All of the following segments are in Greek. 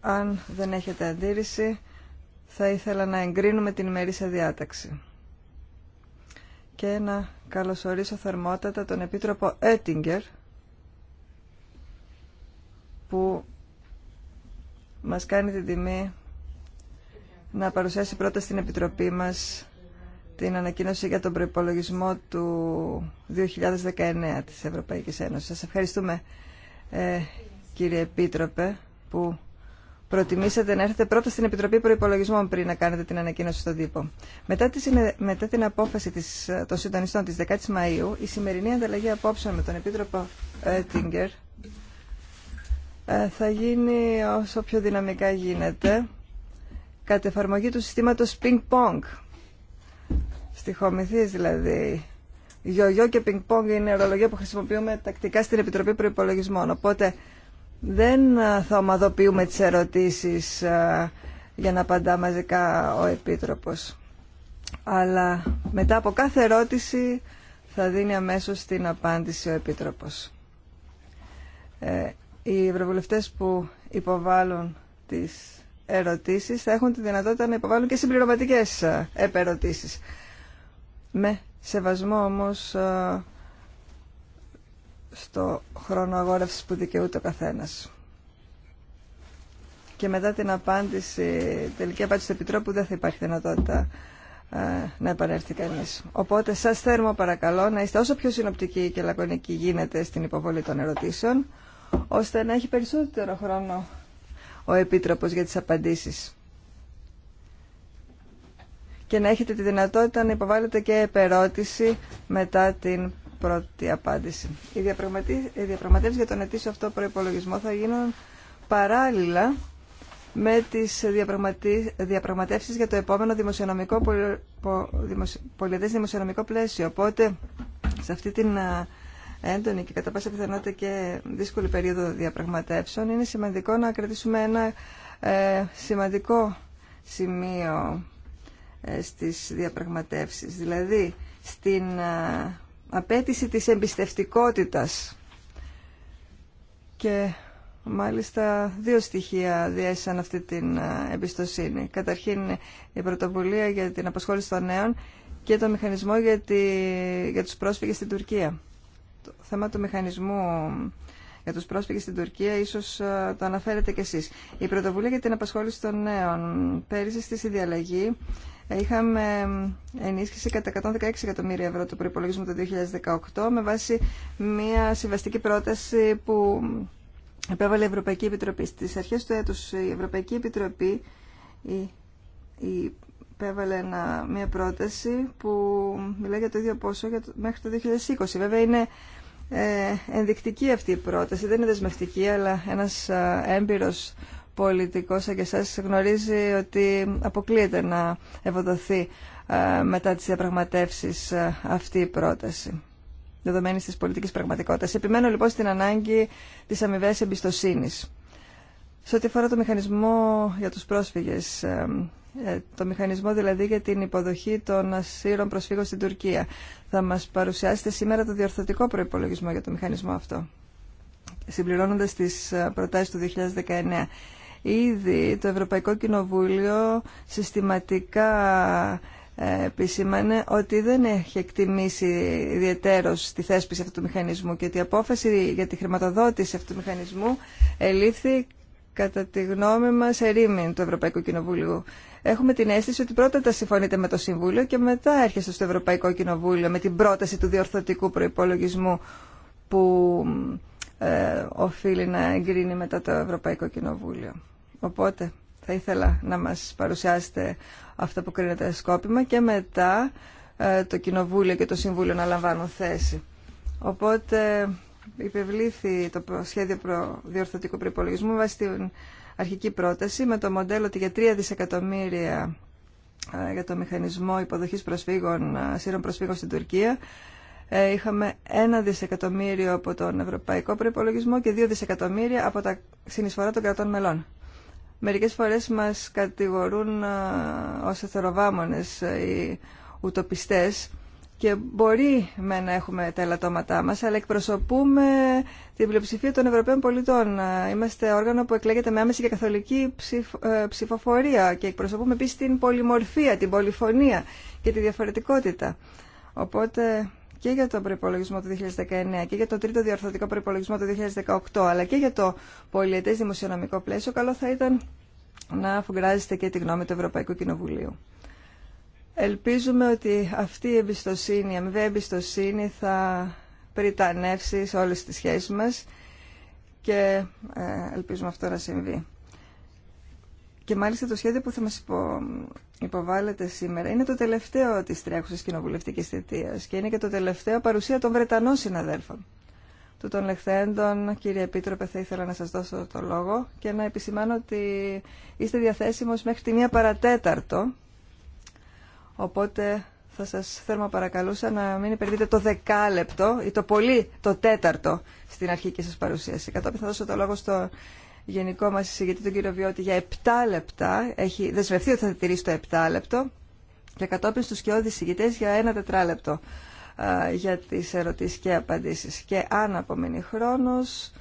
Αν δεν έχετε αντίρρηση, θα ήθελα να εγκρίνουμε την ημερήσια διάταξη και να καλωσορίσω θερμότατα τον Επίτροπο Έτιγκερ που μας κάνει την τιμή να παρουσιάσει πρώτα στην Επιτροπή μας την ανακοίνωση για τον προϋπολογισμό του 2019 της Ευρωπαϊκής Ένωσης. Σας ευχαριστούμε ε, κύριε Επίτροπε που προτιμήσατε να έρθετε πρώτα στην Επιτροπή Προϋπολογισμών πριν να κάνετε την ανακοίνωση στον τύπο. Μετά, τη, μετά την απόφαση της, των συντονιστών της 10 η Μαΐου, η σημερινή ανταλλαγή απόψεων με τον Επίτροπο ε, θα γίνει όσο πιο δυναμικά γίνεται κατ' εφαρμογή του συστήματος ping-pong στοιχομηθεί, δηλαδή. Γιογιό και πινκ πονγκ είναι ορολογία που χρησιμοποιούμε τακτικά στην Επιτροπή προπολογισμών. Οπότε δεν ε, θα ομαδοποιούμε τις ερωτήσεις ε, για να απαντά μαζικά ο Επίτροπος. Αλλά μετά από κάθε ερώτηση θα δίνει αμέσω την απάντηση ο Επίτροπος. Ε, οι ευρωβουλευτέ που υποβάλλουν τις ερωτήσεις θα έχουν τη δυνατότητα να υποβάλλουν και συμπληρωματικές επερωτήσεις με σεβασμό όμως ε, στο χρόνο αγόρευσης που δικαιούται ο καθένας. Και μετά την απάντηση, τελική απάντηση του Επιτρόπου δεν θα υπάρχει δυνατότητα ε, να επανέλθει κανείς. Οπότε σας θέρμο παρακαλώ να είστε όσο πιο συνοπτικοί και λακωνικοί γίνεται στην υποβολή των ερωτήσεων, ώστε να έχει περισσότερο χρόνο ο Επίτροπος για τις απαντήσεις και να έχετε τη δυνατότητα να υποβάλλετε και επερώτηση μετά την πρώτη απάντηση. Οι διαπραγματεύσεις για τον ετήσιο αυτό προϋπολογισμό θα γίνουν παράλληλα με τις διαπραγματεύσεις για το επόμενο δημοσιονομικό, πολιτές δημοσιονομικό πλαίσιο. Οπότε, σε αυτή την έντονη και κατά πάσα πιθανότητα και δύσκολη περίοδο διαπραγματεύσεων, είναι σημαντικό να κρατήσουμε ένα ε, σημαντικό σημείο ε, στις διαπραγματεύσεις, δηλαδή στην ε, απέτηση της εμπιστευτικότητας. Και μάλιστα δύο στοιχεία διέσαν αυτή την ε, εμπιστοσύνη. Καταρχήν η πρωτοβουλία για την απασχόληση των νέων και το μηχανισμό για, τη, για τους πρόσφυγες στην Τουρκία. Το θέμα του μηχανισμού για τους πρόσφυγες στην Τουρκία ίσως το αναφέρετε κι εσείς. Η πρωτοβουλία για την απασχόληση των νέων πέρυσι στη συνδιαλλαγή είχαμε ενίσχυση κατά 116 εκατομμύρια ευρώ το προϋπολογισμό το 2018 με βάση μια συμβαστική πρόταση που επέβαλε η Ευρωπαϊκή Επιτροπή. Στις αρχές του έτους η Ευρωπαϊκή Επιτροπή επέβαλε μια πρόταση που μιλάει για το ίδιο πόσο για το, μέχρι το 2020. Βέβαια είναι ε, ενδεικτική αυτή η πρόταση, δεν είναι δεσμευτική, αλλά ένας ε, έμπειρος πολιτικός σαν και εσάς γνωρίζει ότι αποκλείεται να ευοδοθεί ε, μετά τις διαπραγματεύσεις ε, αυτή η πρόταση δεδομένη της πολιτικής πραγματικότητας. Επιμένω λοιπόν στην ανάγκη της αμοιβέ εμπιστοσύνη. Σε ό,τι αφορά το μηχανισμό για τους πρόσφυγες, ε, το μηχανισμό δηλαδή για την υποδοχή των ασύρων προσφύγων στην Τουρκία, θα μας παρουσιάσετε σήμερα το διορθωτικό προπολογισμό για το μηχανισμό αυτό συμπληρώνοντας τις προτάσεις του 2019. Ήδη το Ευρωπαϊκό Κοινοβούλιο συστηματικά ε, επισήμανε ότι δεν έχει εκτιμήσει ιδιαιτέρως τη θέσπιση αυτού του μηχανισμού και ότι η απόφαση για τη χρηματοδότηση αυτού του μηχανισμού ελήφθη κατά τη γνώμη μας ερήμην του Ευρωπαϊκού Κοινοβουλίου. Έχουμε την αίσθηση ότι πρώτα τα συμφωνείτε με το Συμβούλιο και μετά έρχεστε στο Ευρωπαϊκό Κοινοβούλιο με την πρόταση του διορθωτικού προϋπολογισμού που ε, οφείλει να εγκρίνει μετά το Ευρωπαϊκό Κοινοβούλιο. Οπότε θα ήθελα να μας παρουσιάσετε αυτά που κρίνεται σκόπιμα και μετά ε, το Κοινοβούλιο και το Συμβούλιο να λαμβάνουν θέση. Οπότε υπευλήθη το σχέδιο διορθωτικού προπολογισμού βάσει την αρχική πρόταση με το μοντέλο ότι για 3 δισεκατομμύρια ε, για το μηχανισμό υποδοχής προσφύγων, ε, σύρων προσφύγων στην Τουρκία είχαμε 1 δισεκατομμύριο από τον ευρωπαϊκό προπολογισμό και 2 δισεκατομμύρια από τα συνεισφορά των κρατών μελών μερικές φορές μας κατηγορούν ως εθεροβάμονες οι ουτοπιστές και μπορεί με να έχουμε τα ελαττώματά μας, αλλά εκπροσωπούμε την πλειοψηφία των Ευρωπαίων πολιτών. Είμαστε όργανο που εκλέγεται με άμεση και καθολική ε, ψηφοφορία και εκπροσωπούμε επίσης την πολυμορφία, την πολυφωνία και τη διαφορετικότητα. Οπότε και για τον προπολογισμό του 2019 και για το τρίτο διορθωτικό προπολογισμό του 2018 αλλά και για το πολιετές δημοσιονομικό πλαίσιο καλό θα ήταν να αφουγκράζεστε και τη γνώμη του Ευρωπαϊκού Κοινοβουλίου. Ελπίζουμε ότι αυτή η εμπιστοσύνη, η αμοιβαία εμπιστοσύνη θα πριτανεύσει σε όλες τις σχέσεις μας και ε, ελπίζουμε αυτό να συμβεί. Και μάλιστα το σχέδιο που θα μας υπο υποβάλλεται σήμερα είναι το τελευταίο τη τρέχουσα κοινοβουλευτική θητεία και είναι και το τελευταίο παρουσία των Βρετανών συναδέλφων. Του των λεχθέντων, κύριε Επίτροπε, θα ήθελα να σα δώσω το λόγο και να επισημάνω ότι είστε διαθέσιμο μέχρι τη μία παρατέταρτο, οπότε θα σας θέρμα παρακαλούσα να μην υπερβείτε το δεκάλεπτο ή το πολύ το τέταρτο στην αρχική σα παρουσίαση. Κατόπιν θα δώσω το λόγο στο γενικό μας εισηγητή τον κύριο Βιώτη για 7 λεπτά. Έχει δεσμευτεί ότι θα τηρήσει το 7 λεπτό και κατόπιν στους σκιώδης εισηγητές για ένα τετράλεπτο για τις ερωτήσεις και απαντήσεις. Και αν απομείνει χρόνος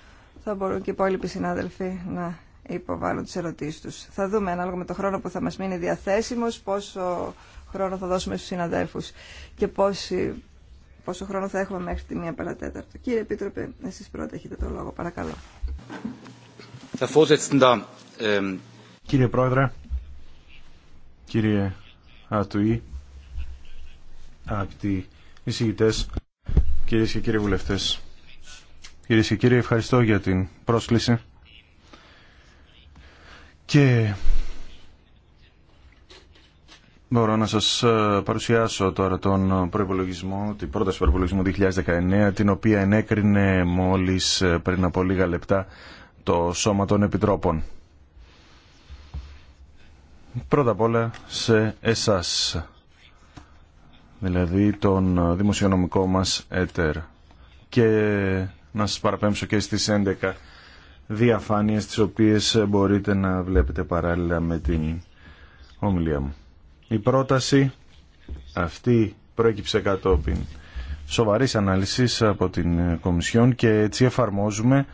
θα μπορούν και οι υπόλοιποι συνάδελφοι να υποβάλουν τις ερωτήσεις τους. Θα δούμε ανάλογα με το χρόνο που θα μας μείνει διαθέσιμος πόσο χρόνο θα δώσουμε στους συναδέλφους και πόσο χρόνο θα έχουμε μέχρι τη μία παρατέταρτο. Κύριε Επίτροπε, εσείς πρώτα έχετε το λόγο. Παρακαλώ. Ähm, κύριε Πρόεδρε, κύριε Ατουή, αγαπητοί εισηγητέ, κύριε και κύριοι βουλευτέ. Κυρίε και κύριοι ευχαριστώ για την πρόσκληση και Μπορώ να σας ε, παρουσιάσω τώρα τον προϋπολογισμό, την πρόταση προϋπολογισμού 2019, την οποία ενέκρινε μόλις ε, πριν από λίγα λεπτά το Σώμα των Επιτρόπων. Πρώτα απ' όλα σε εσάς, δηλαδή τον δημοσιονομικό μας έτερ. Και να σας παραπέμψω και στις 11 διαφάνειες τις οποίες μπορείτε να βλέπετε παράλληλα με την ομιλία μου. Η πρόταση αυτή προέκυψε κατόπιν σοβαρής ανάλυσης από την Κομισιόν και έτσι εφαρμόζουμε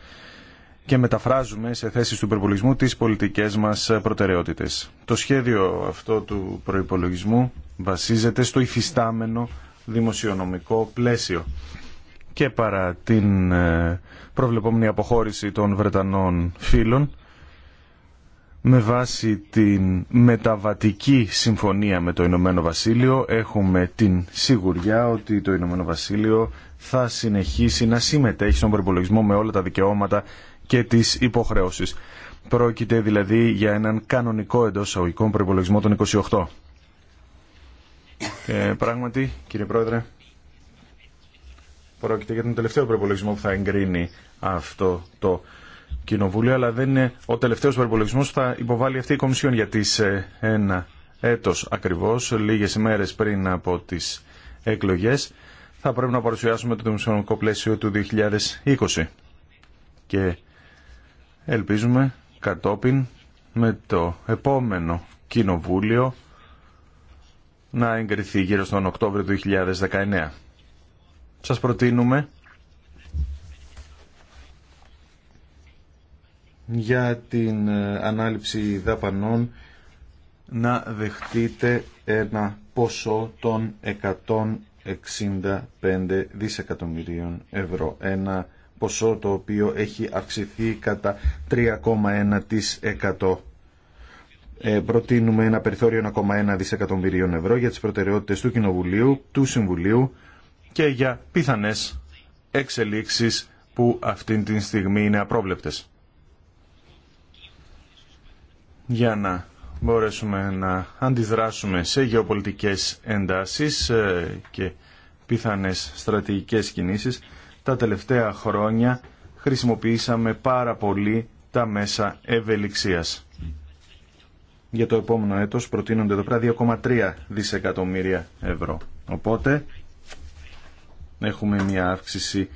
και μεταφράζουμε σε θέσεις του προπολογισμού τις πολιτικές μας προτεραιότητες. Το σχέδιο αυτό του προϋπολογισμού βασίζεται στο υφιστάμενο δημοσιονομικό πλαίσιο και παρά την ε, προβλεπόμενη αποχώρηση των Βρετανών φίλων με βάση την μεταβατική συμφωνία με το Ηνωμένο Βασίλειο έχουμε την σιγουριά ότι το Ηνωμένο Βασίλειο θα συνεχίσει να συμμετέχει στον προπολογισμό με όλα τα δικαιώματα και τις υποχρεώσει. Πρόκειται δηλαδή για έναν κανονικό εντό αγωγικών προπολογισμό των 28. Ε, πράγματι, κύριε Πρόεδρε, πρόκειται για τον τελευταίο προπολογισμό που θα εγκρίνει αυτό το Κοινοβούλιο, αλλά δεν είναι ο τελευταίο προπολογισμό που θα υποβάλει αυτή η Κομισιόν, γιατί σε ένα έτο ακριβώ. Λίγε ημέρες πριν από τι εκλογέ, θα πρέπει να παρουσιάσουμε το δημοσιονομικό πλαίσιο του 2020. Και Ελπίζουμε κατόπιν με το επόμενο κοινοβούλιο να εγκριθεί γύρω στον Οκτώβριο του 2019. Σας προτείνουμε για την ε, ανάληψη δαπανών να δεχτείτε ένα ποσό των 165 δισεκατομμυρίων ευρώ. Ένα ποσό το οποίο έχει αυξηθεί κατά 3,1%. Ε, προτείνουμε ένα περιθώριο 1,1 δισεκατομμυρίων ευρώ για τις προτεραιότητες του Κοινοβουλίου, του Συμβουλίου και για πιθανές εξελίξεις που αυτήν την στιγμή είναι απρόβλεπτες. Για να μπορέσουμε να αντιδράσουμε σε γεωπολιτικές εντάσεις ε, και πιθανές στρατηγικές κινήσεις τα τελευταία χρόνια χρησιμοποιήσαμε πάρα πολύ τα μέσα ευελιξίας. Για το επόμενο έτος προτείνονται εδώ πέρα 2,3 δισεκατομμύρια ευρώ. Οπότε έχουμε μια αύξηση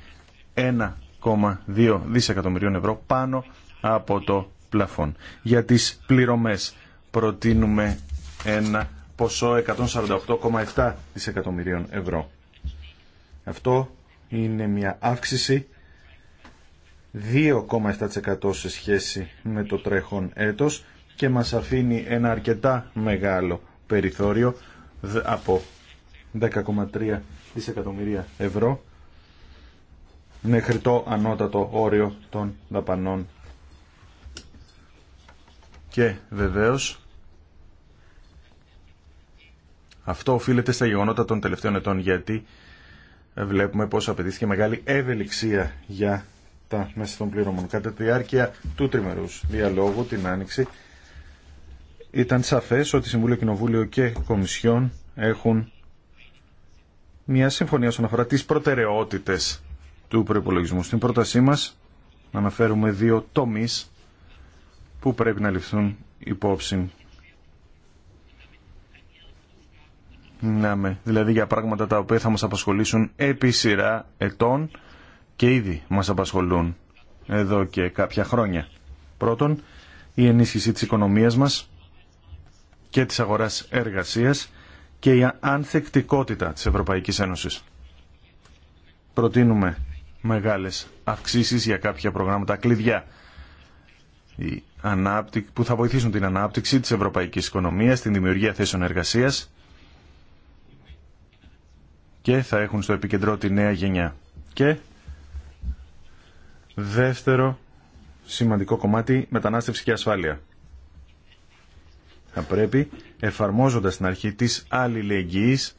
1,2 δισεκατομμυρίων ευρώ πάνω από το πλαφόν. Για τις πληρωμές προτείνουμε ένα ποσό 148,7 δισεκατομμυρίων ευρώ. Αυτό είναι μια αύξηση 2,7% σε σχέση με το τρέχον έτος και μας αφήνει ένα αρκετά μεγάλο περιθώριο από 10,3 δισεκατομμυρία ευρώ μέχρι το ανώτατο όριο των δαπανών. Και βεβαίως αυτό οφείλεται στα γεγονότα των τελευταίων ετών γιατί βλέπουμε πως απαιτήθηκε μεγάλη ευελιξία για τα μέσα των πληρωμών. Κατά τη διάρκεια του τριμερούς διαλόγου την Άνοιξη ήταν σαφές ότι Συμβούλιο Κοινοβούλιο και Κομισιόν έχουν μια συμφωνία όσον αφορά τις προτεραιότητες του προϋπολογισμού. Στην πρότασή μας αναφέρουμε δύο τομείς που πρέπει να ληφθούν υπόψη με δηλαδή για πράγματα τα οποία θα μας απασχολήσουν επί σειρά ετών και ήδη μας απασχολούν εδώ και κάποια χρόνια. Πρώτον, η ενίσχυση της οικονομίας μας και της αγοράς εργασίας και η ανθεκτικότητα της Ευρωπαϊκής Ένωσης. Προτείνουμε μεγάλες αυξήσεις για κάποια προγράμματα κλειδιά που θα βοηθήσουν την ανάπτυξη της ευρωπαϊκής οικονομίας, την δημιουργία θέσεων εργασίας και θα έχουν στο επικεντρό τη νέα γενιά. Και δεύτερο σημαντικό κομμάτι, μετανάστευση και ασφάλεια. Θα πρέπει, εφαρμόζοντας την αρχή της αλληλεγγύης,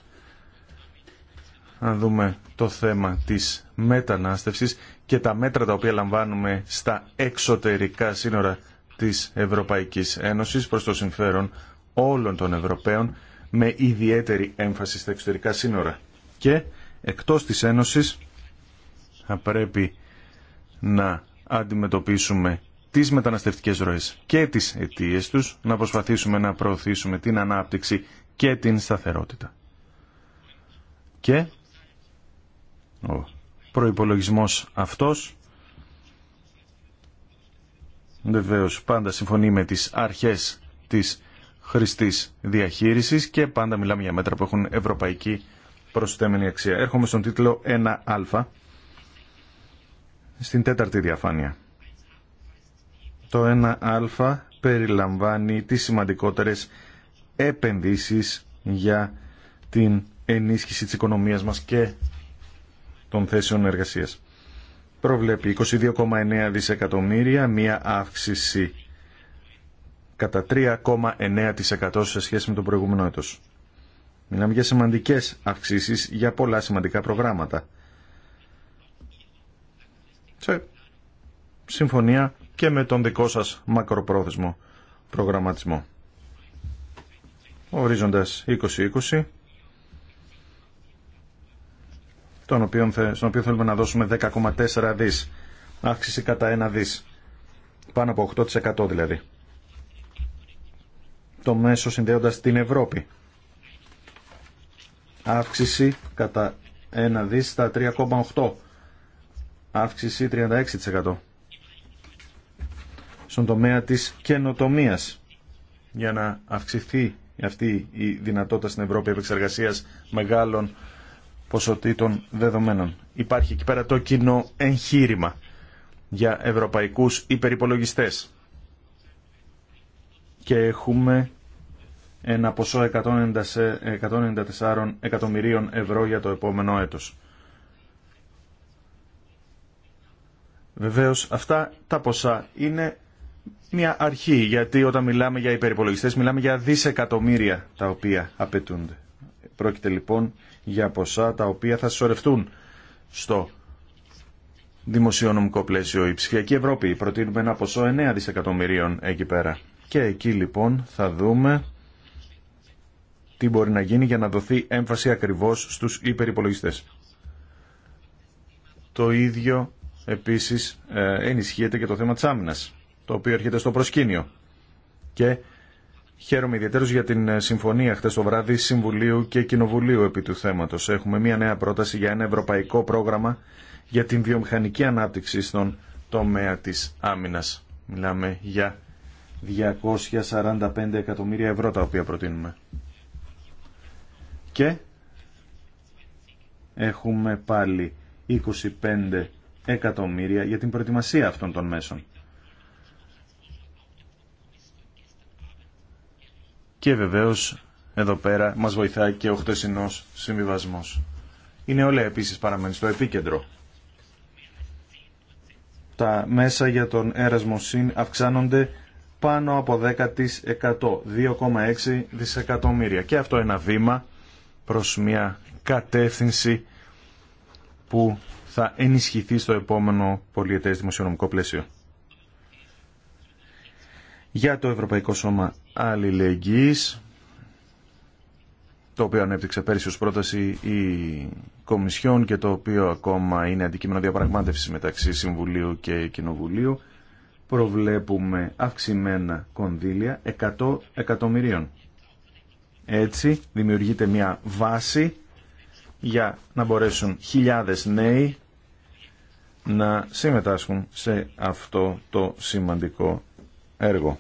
να δούμε το θέμα της μετανάστευσης και τα μέτρα τα οποία λαμβάνουμε στα εξωτερικά σύνορα της Ευρωπαϊκής Ένωσης προς το συμφέρον όλων των Ευρωπαίων με ιδιαίτερη έμφαση στα εξωτερικά σύνορα και εκτός της Ένωσης θα πρέπει να αντιμετωπίσουμε τις μεταναστευτικές ροές και τις αιτίες τους, να προσπαθήσουμε να προωθήσουμε την ανάπτυξη και την σταθερότητα. Και ο προϋπολογισμός αυτός βεβαίω πάντα συμφωνεί με τις αρχές της χρηστής διαχείρισης και πάντα μιλάμε για μέτρα που έχουν ευρωπαϊκή προσθέμενη αξία. Έρχομαι στον τίτλο 1α, στην τέταρτη διαφάνεια. Το 1α περιλαμβάνει τις σημαντικότερες επενδύσεις για την ενίσχυση της οικονομίας μας και των θέσεων εργασίας. Προβλέπει 22,9 δισεκατομμύρια, μία αύξηση κατά 3,9% σε σχέση με τον προηγούμενο έτος. Μιλάμε για σημαντικές αυξήσεις για πολλά σημαντικά προγράμματα. Σε συμφωνία και με τον δικό σας μακροπρόθεσμο προγραμματισμό. Ορίζοντας 2020, τον οποίο, στον οποίο θέλουμε να δώσουμε 10,4 δις, αύξηση κατά 1 δις, πάνω από 8% δηλαδή. Το μέσο συνδέοντας την Ευρώπη, αύξηση κατά 1 δις στα 3,8 αύξηση 36% στον τομέα της καινοτομίας για να αυξηθεί αυτή η δυνατότητα στην Ευρώπη επεξεργασίας μεγάλων ποσοτήτων δεδομένων. Υπάρχει εκεί πέρα το κοινό εγχείρημα για ευρωπαϊκούς υπερυπολογιστές. Και έχουμε ένα ποσό 194 εκατομμυρίων ευρώ για το επόμενο έτος. Βεβαίως αυτά τα ποσά είναι μια αρχή, γιατί όταν μιλάμε για υπερυπολογιστές μιλάμε για δισεκατομμύρια τα οποία απαιτούνται. Πρόκειται λοιπόν για ποσά τα οποία θα σωρευτούν στο δημοσιονομικό πλαίσιο. Η ψηφιακή Ευρώπη προτείνουμε ένα ποσό 9 δισεκατομμυρίων εκεί πέρα. Και εκεί λοιπόν θα δούμε τι μπορεί να γίνει για να δοθεί έμφαση ακριβώς στους υπερυπολογιστές. Το ίδιο επίσης ε, ενισχύεται και το θέμα της άμυνας, το οποίο έρχεται στο προσκήνιο. Και χαίρομαι ιδιαίτερω για την ε, συμφωνία χτες το βράδυ Συμβουλίου και Κοινοβουλίου επί του θέματος. Έχουμε μια νέα πρόταση για ένα ευρωπαϊκό πρόγραμμα για την βιομηχανική ανάπτυξη στον τομέα της άμυνας. Μιλάμε για 245 εκατομμύρια ευρώ τα οποία προτείνουμε και έχουμε πάλι 25 εκατομμύρια για την προετοιμασία αυτών των μέσων. Και βεβαίως εδώ πέρα μας βοηθάει και ο χτεσινός συμβιβασμός. Είναι όλα επίσης παραμένει στο επίκεντρο. Τα μέσα για τον έρασμο συν αυξάνονται πάνω από 10%, 2,6 δισεκατομμύρια. Και αυτό είναι ένα βήμα προς μια κατεύθυνση που θα ενισχυθεί στο επόμενο πολιετές δημοσιονομικό πλαίσιο. Για το Ευρωπαϊκό Σώμα Αλληλεγγύης, το οποίο ανέπτυξε πέρσι ως πρόταση η Κομισιόν και το οποίο ακόμα είναι αντικείμενο διαπραγμάτευσης μεταξύ Συμβουλίου και Κοινοβουλίου, προβλέπουμε αυξημένα κονδύλια 100 εκατομμυρίων έτσι δημιουργείται μια βάση για να μπορέσουν χιλιάδες νέοι να συμμετάσχουν σε αυτό το σημαντικό έργο.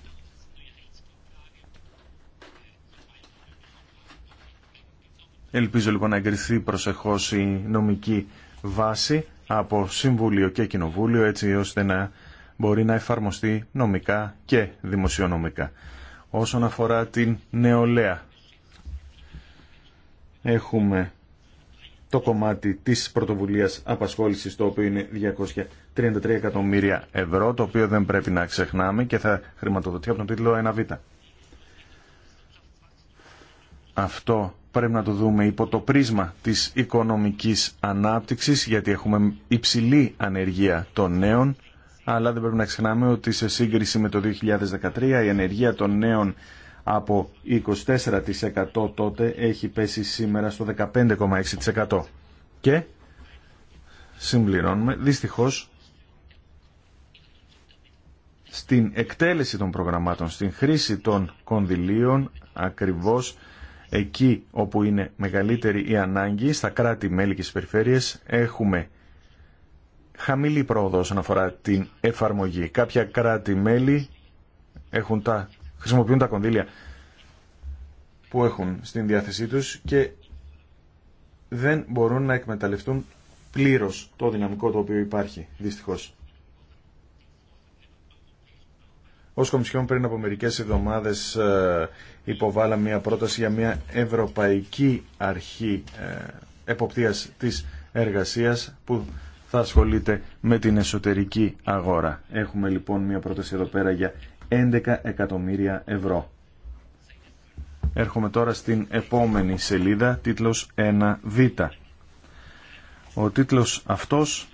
Ελπίζω λοιπόν να εγκριθεί προσεχώς η νομική βάση από Συμβούλιο και Κοινοβούλιο έτσι ώστε να μπορεί να εφαρμοστεί νομικά και δημοσιονομικά. Όσον αφορά την νεολαία, έχουμε το κομμάτι της πρωτοβουλίας απασχόλησης το οποίο είναι 233 εκατομμύρια ευρώ το οποίο δεν πρέπει να ξεχνάμε και θα χρηματοδοτεί από τον τίτλο 1β. Αυτό πρέπει να το δούμε υπό το πρίσμα της οικονομικής ανάπτυξης γιατί έχουμε υψηλή ανεργία των νέων αλλά δεν πρέπει να ξεχνάμε ότι σε σύγκριση με το 2013 η ανεργία των νέων από 24% τότε έχει πέσει σήμερα στο 15,6%. Και συμπληρώνουμε δυστυχώς στην εκτέλεση των προγραμμάτων, στην χρήση των κονδυλίων ακριβώς εκεί όπου είναι μεγαλύτερη η ανάγκη, στα κράτη-μέλη και περιφέρειες έχουμε χαμηλή πρόοδο όσον αφορά την εφαρμογή. Κάποια κράτη-μέλη έχουν τα χρησιμοποιούν τα κονδύλια που έχουν στην διάθεσή τους και δεν μπορούν να εκμεταλλευτούν πλήρως το δυναμικό το οποίο υπάρχει, δυστυχώς. Ως Κομισιόν πριν από μερικές εβδομάδες ε, υποβάλα μια πρόταση για μια ευρωπαϊκή αρχή ε, εποπτείας της εργασίας που θα ασχολείται με την εσωτερική αγορά. Έχουμε λοιπόν μια πρόταση εδώ πέρα για 11 εκατομμύρια ευρώ. Έρχομαι τώρα στην επόμενη σελίδα, τίτλος 1β. Ο τίτλος αυτός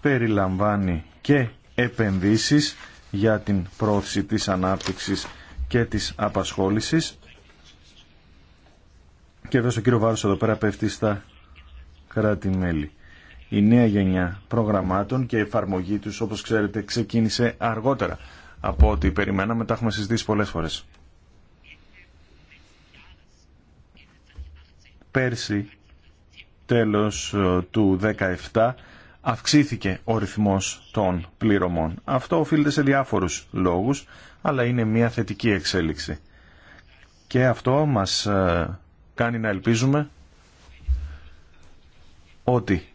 περιλαμβάνει και επενδύσεις για την πρόθεση της ανάπτυξης και της απασχόλησης. Και εδώ στο κύριο Βάρος εδώ πέρα πέφτει στα κράτη-μέλη. Η νέα γενιά προγραμμάτων και εφαρμογή τους, όπως ξέρετε, ξεκίνησε αργότερα από ό,τι περιμέναμε. Τα έχουμε συζητήσει πολλές φορές. Πέρσι, τέλος ε, του 17, αυξήθηκε ο ρυθμός των πληρωμών. Αυτό οφείλεται σε διάφορους λόγους, αλλά είναι μια θετική εξέλιξη. Και αυτό μας ε, κάνει να ελπίζουμε ότι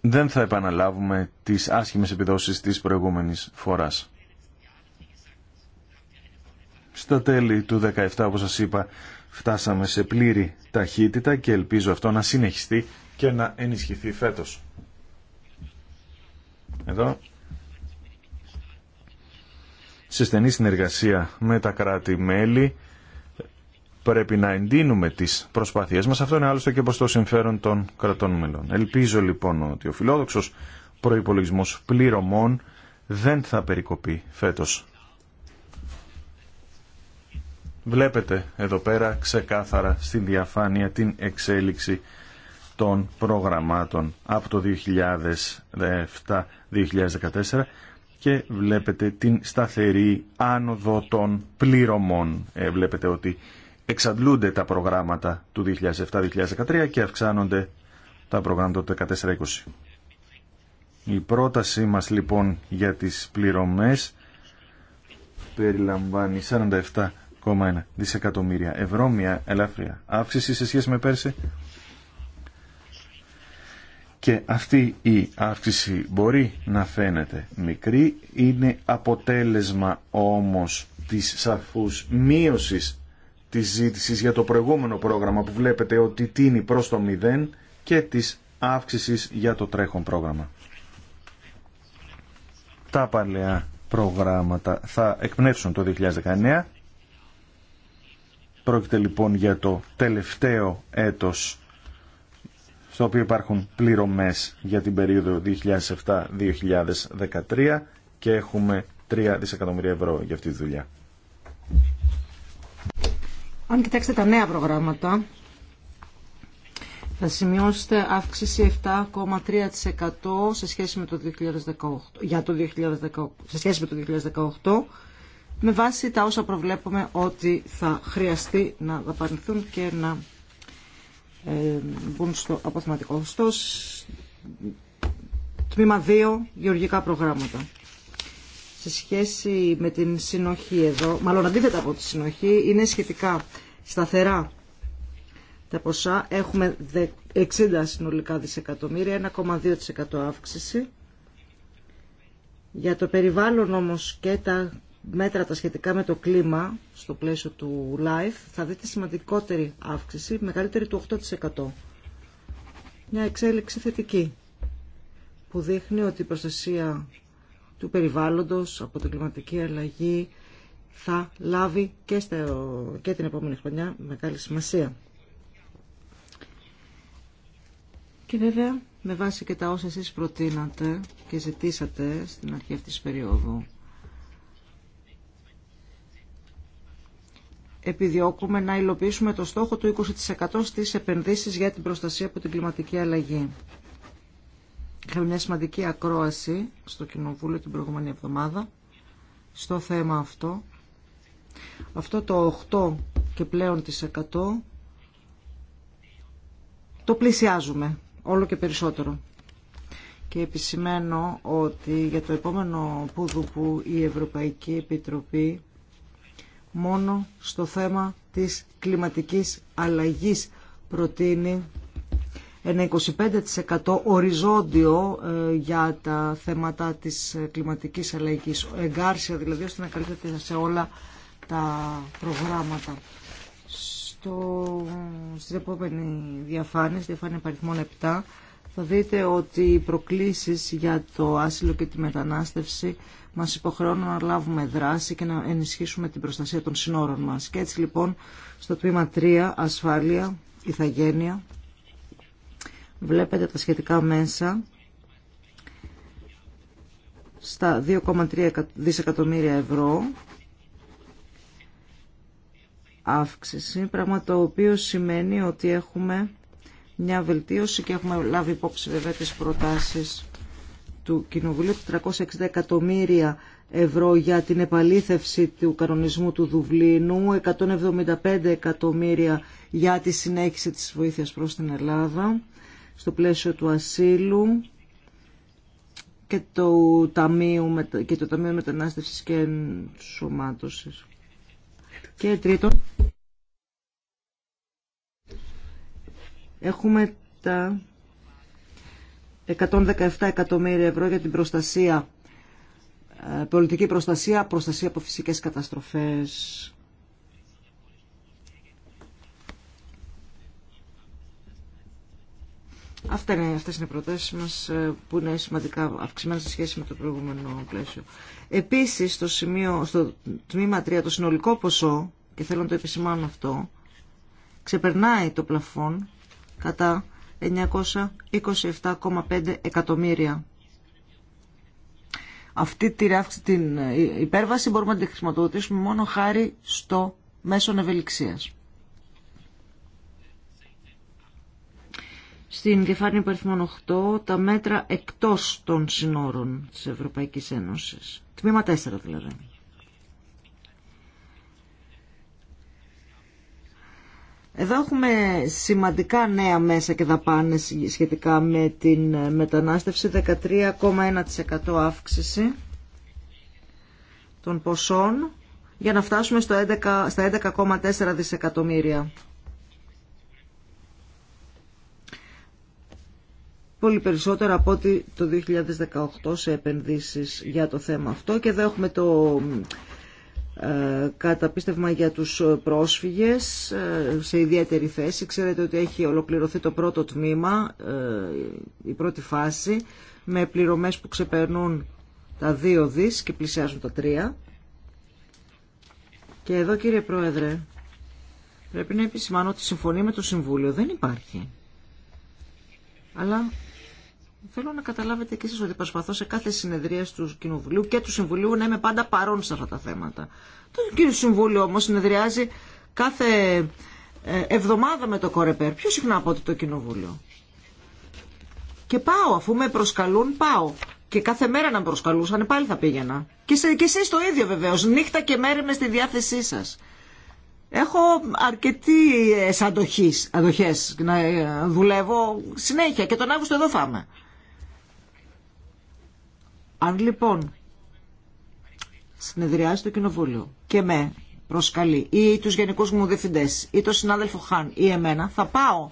δεν θα επαναλάβουμε τις άσχημες επιδόσεις της προηγούμενης φοράς. Στα τέλη του 17, όπως σας είπα, φτάσαμε σε πλήρη ταχύτητα και ελπίζω αυτό να συνεχιστεί και να ενισχυθεί φέτος. Εδώ, σε στενή συνεργασία με τα κράτη-μέλη, πρέπει να εντείνουμε τις προσπάθειές μας. Αυτό είναι άλλωστε και προς το συμφέρον των κρατών μελών. Ελπίζω λοιπόν ότι ο φιλόδοξος προϋπολογισμός πληρωμών δεν θα περικοπεί φέτος. Βλέπετε εδώ πέρα ξεκάθαρα στην διαφάνεια την εξέλιξη των προγραμμάτων από το 2007-2014 και βλέπετε την σταθερή άνοδο των πληρωμών. Ε, βλέπετε ότι εξαντλούνται τα προγράμματα του 2007-2013 και αυξάνονται τα προγράμματα του 2014-2020. Η πρότασή μας λοιπόν για τις πληρωμές περιλαμβάνει 47,1 δισεκατομμύρια ευρώ, μια ελάφρια αύξηση σε σχέση με πέρσι. Και αυτή η αύξηση μπορεί να φαίνεται μικρή, είναι αποτέλεσμα όμως της σαφούς μείωσης της ζήτηση για το προηγούμενο πρόγραμμα που βλέπετε ότι τίνει προς το 0 και της αύξησης για το τρέχον πρόγραμμα. Τα παλαιά προγράμματα θα εκπνεύσουν το 2019. Πρόκειται λοιπόν για το τελευταίο έτος στο οποίο υπάρχουν πληρωμές για την περίοδο 2007-2013 και έχουμε 3 δισεκατομμύρια ευρώ για αυτή τη δουλειά. Αν κοιτάξετε τα νέα προγράμματα, θα σημειώσετε αύξηση 7,3% σε σχέση με το 2018, για το 2018, σε σχέση με το 2018, με βάση τα όσα προβλέπουμε ότι θα χρειαστεί να δαπανηθούν και να ε, μπουν στο αποθεματικό. Ωστόσο, τμήμα 2, γεωργικά προγράμματα σε σχέση με την συνοχή εδώ, μάλλον αντίθετα από τη συνοχή, είναι σχετικά σταθερά τα ποσά. Έχουμε 60 συνολικά δισεκατομμύρια, 1,2% αύξηση. Για το περιβάλλον όμως και τα μέτρα τα σχετικά με το κλίμα στο πλαίσιο του LIFE θα δείτε σημαντικότερη αύξηση, μεγαλύτερη του 8%. Μια εξέλιξη θετική που δείχνει ότι η προστασία του περιβάλλοντος, από την κλιματική αλλαγή θα λάβει και, και την επόμενη χρονιά μεγάλη σημασία. Και βέβαια με βάση και τα όσα εσείς προτείνατε και ζητήσατε στην αρχή αυτής της περίοδου. Επιδιώκουμε να υλοποιήσουμε το στόχο του 20% στις επενδύσεις για την προστασία από την κλιματική αλλαγή. Είχαμε μια σημαντική ακρόαση στο Κοινοβούλιο την προηγούμενη εβδομάδα στο θέμα αυτό. Αυτό το 8 και πλέον της 100 το πλησιάζουμε όλο και περισσότερο. Και επισημαίνω ότι για το επόμενο πούδου που η Ευρωπαϊκή Επιτροπή μόνο στο θέμα της κλιματικής αλλαγής προτείνει ένα 25% οριζόντιο ε, για τα θέματα της κλιματικής αλλαγής. Εγκάρσια δηλαδή ώστε να καλύπτεται σε όλα τα προγράμματα. Στο, στην επόμενη διαφάνεια, στη διαφάνεια παριθμών 7, θα δείτε ότι οι προκλήσεις για το άσυλο και τη μετανάστευση μας υποχρεώνουν να λάβουμε δράση και να ενισχύσουμε την προστασία των συνόρων μας. Και έτσι λοιπόν στο τμήμα 3, ασφάλεια, ηθαγένεια, Βλέπετε τα σχετικά μέσα στα 2,3 δισεκατομμύρια ευρώ αύξηση, πράγμα το οποίο σημαίνει ότι έχουμε μια βελτίωση και έχουμε λάβει υπόψη βέβαια τις προτάσεις του Κοινοβουλίου 360 εκατομμύρια ευρώ για την επαλήθευση του κανονισμού του Δουβλίνου, 175 εκατομμύρια για τη συνέχιση της βοήθειας προς την Ελλάδα στο πλαίσιο του ασύλου και το Ταμείο, και το Ταμείο Μετανάστευσης και ενσωμάτωση. Και τρίτον, έχουμε τα 117 εκατομμύρια ευρώ για την προστασία, ε, πολιτική προστασία, προστασία από φυσικές καταστροφές. Αυτά είναι, αυτές είναι οι προτάσεις μας ε, που είναι σημαντικά αυξημένα σε σχέση με το προηγούμενο πλαίσιο. Επίσης, στο, σημείο, στο τμήμα 3, το συνολικό ποσό, και θέλω να το επισημάνω αυτό, ξεπερνάει το πλαφόν κατά 927,5 εκατομμύρια. Αυτή τη την ε, υπέρβαση μπορούμε να τη χρηματοδοτήσουμε μόνο χάρη στο μέσον ευελιξίας. στην κεφάλαιο υπαριθμών 8 τα μέτρα εκτός των συνόρων της Ευρωπαϊκής Ένωσης. Τμήμα 4 δηλαδή. Εδώ έχουμε σημαντικά νέα μέσα και δαπάνες σχετικά με την μετανάστευση, 13,1% αύξηση των ποσών για να φτάσουμε στο 11, στα 11,4 δισεκατομμύρια. πολύ περισσότερα από ότι το 2018 σε επενδύσεις για το θέμα αυτό και εδώ έχουμε το ε, καταπίστευμα για τους πρόσφυγες ε, σε ιδιαίτερη θέση. Ξέρετε ότι έχει ολοκληρωθεί το πρώτο τμήμα, ε, η πρώτη φάση, με πληρωμές που ξεπερνούν τα δύο δις και πλησιάζουν τα τρία. Και εδώ κύριε Πρόεδρε, πρέπει να επισημάνω ότι συμφωνεί με το Συμβούλιο δεν υπάρχει. Αλλά Θέλω να καταλάβετε και εσείς ότι προσπαθώ σε κάθε συνεδρία του Κοινοβουλίου και του Συμβουλίου να είμαι πάντα παρόν σε αυτά τα θέματα. Το κύριο Συμβούλιο όμως συνεδριάζει κάθε ε, εβδομάδα με το Κορεπέρ, πιο συχνά από ότι το Κοινοβούλιο. Και πάω, αφού με προσκαλούν πάω. Και κάθε μέρα να με προσκαλούσαν πάλι θα πήγαινα. Και, σε, εσείς το ίδιο βεβαίως, νύχτα και μέρη με στη διάθεσή σας. Έχω αρκετή ε, αντοχή, αντοχές να ε, δουλεύω συνέχεια και τον Αύγουστο εδώ φάμε. Αν λοιπόν συνεδριάζει το Κοινοβούλιο και με προσκαλεί ή τους γενικούς μου διευθυντές ή τον συνάδελφο Χάν ή εμένα, θα πάω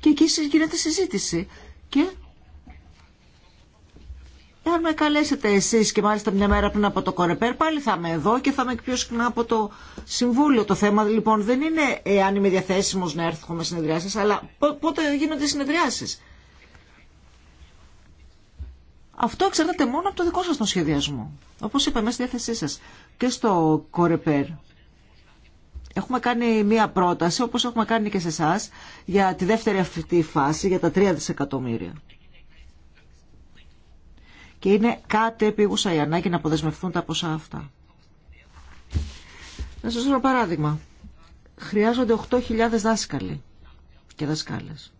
και εκεί γίνεται συζήτηση και Εάν με καλέσετε εσείς και μάλιστα μια μέρα πριν από το Κορεπέρ, πάλι θα είμαι εδώ και θα είμαι πιο συχνά από το Συμβούλιο. Το θέμα λοιπόν δεν είναι εάν είμαι διαθέσιμος να έρθω με συνεδριάσεις, αλλά πότε γίνονται συνεδριάσεις. Αυτό εξαρτάται μόνο από το δικό σας τον σχεδιασμό. Όπως είπαμε στη διάθεσή σας και στο Κορεπέρ. Έχουμε κάνει μία πρόταση, όπως έχουμε κάνει και σε εσά για τη δεύτερη αυτή φάση, για τα 3 δισεκατομμύρια. Και είναι κάτι επίγουσα η ανάγκη να αποδεσμευτούν τα ποσά αυτά. Να σας δώσω ένα παράδειγμα. Χρειάζονται 8.000 δάσκαλοι και δασκάλες.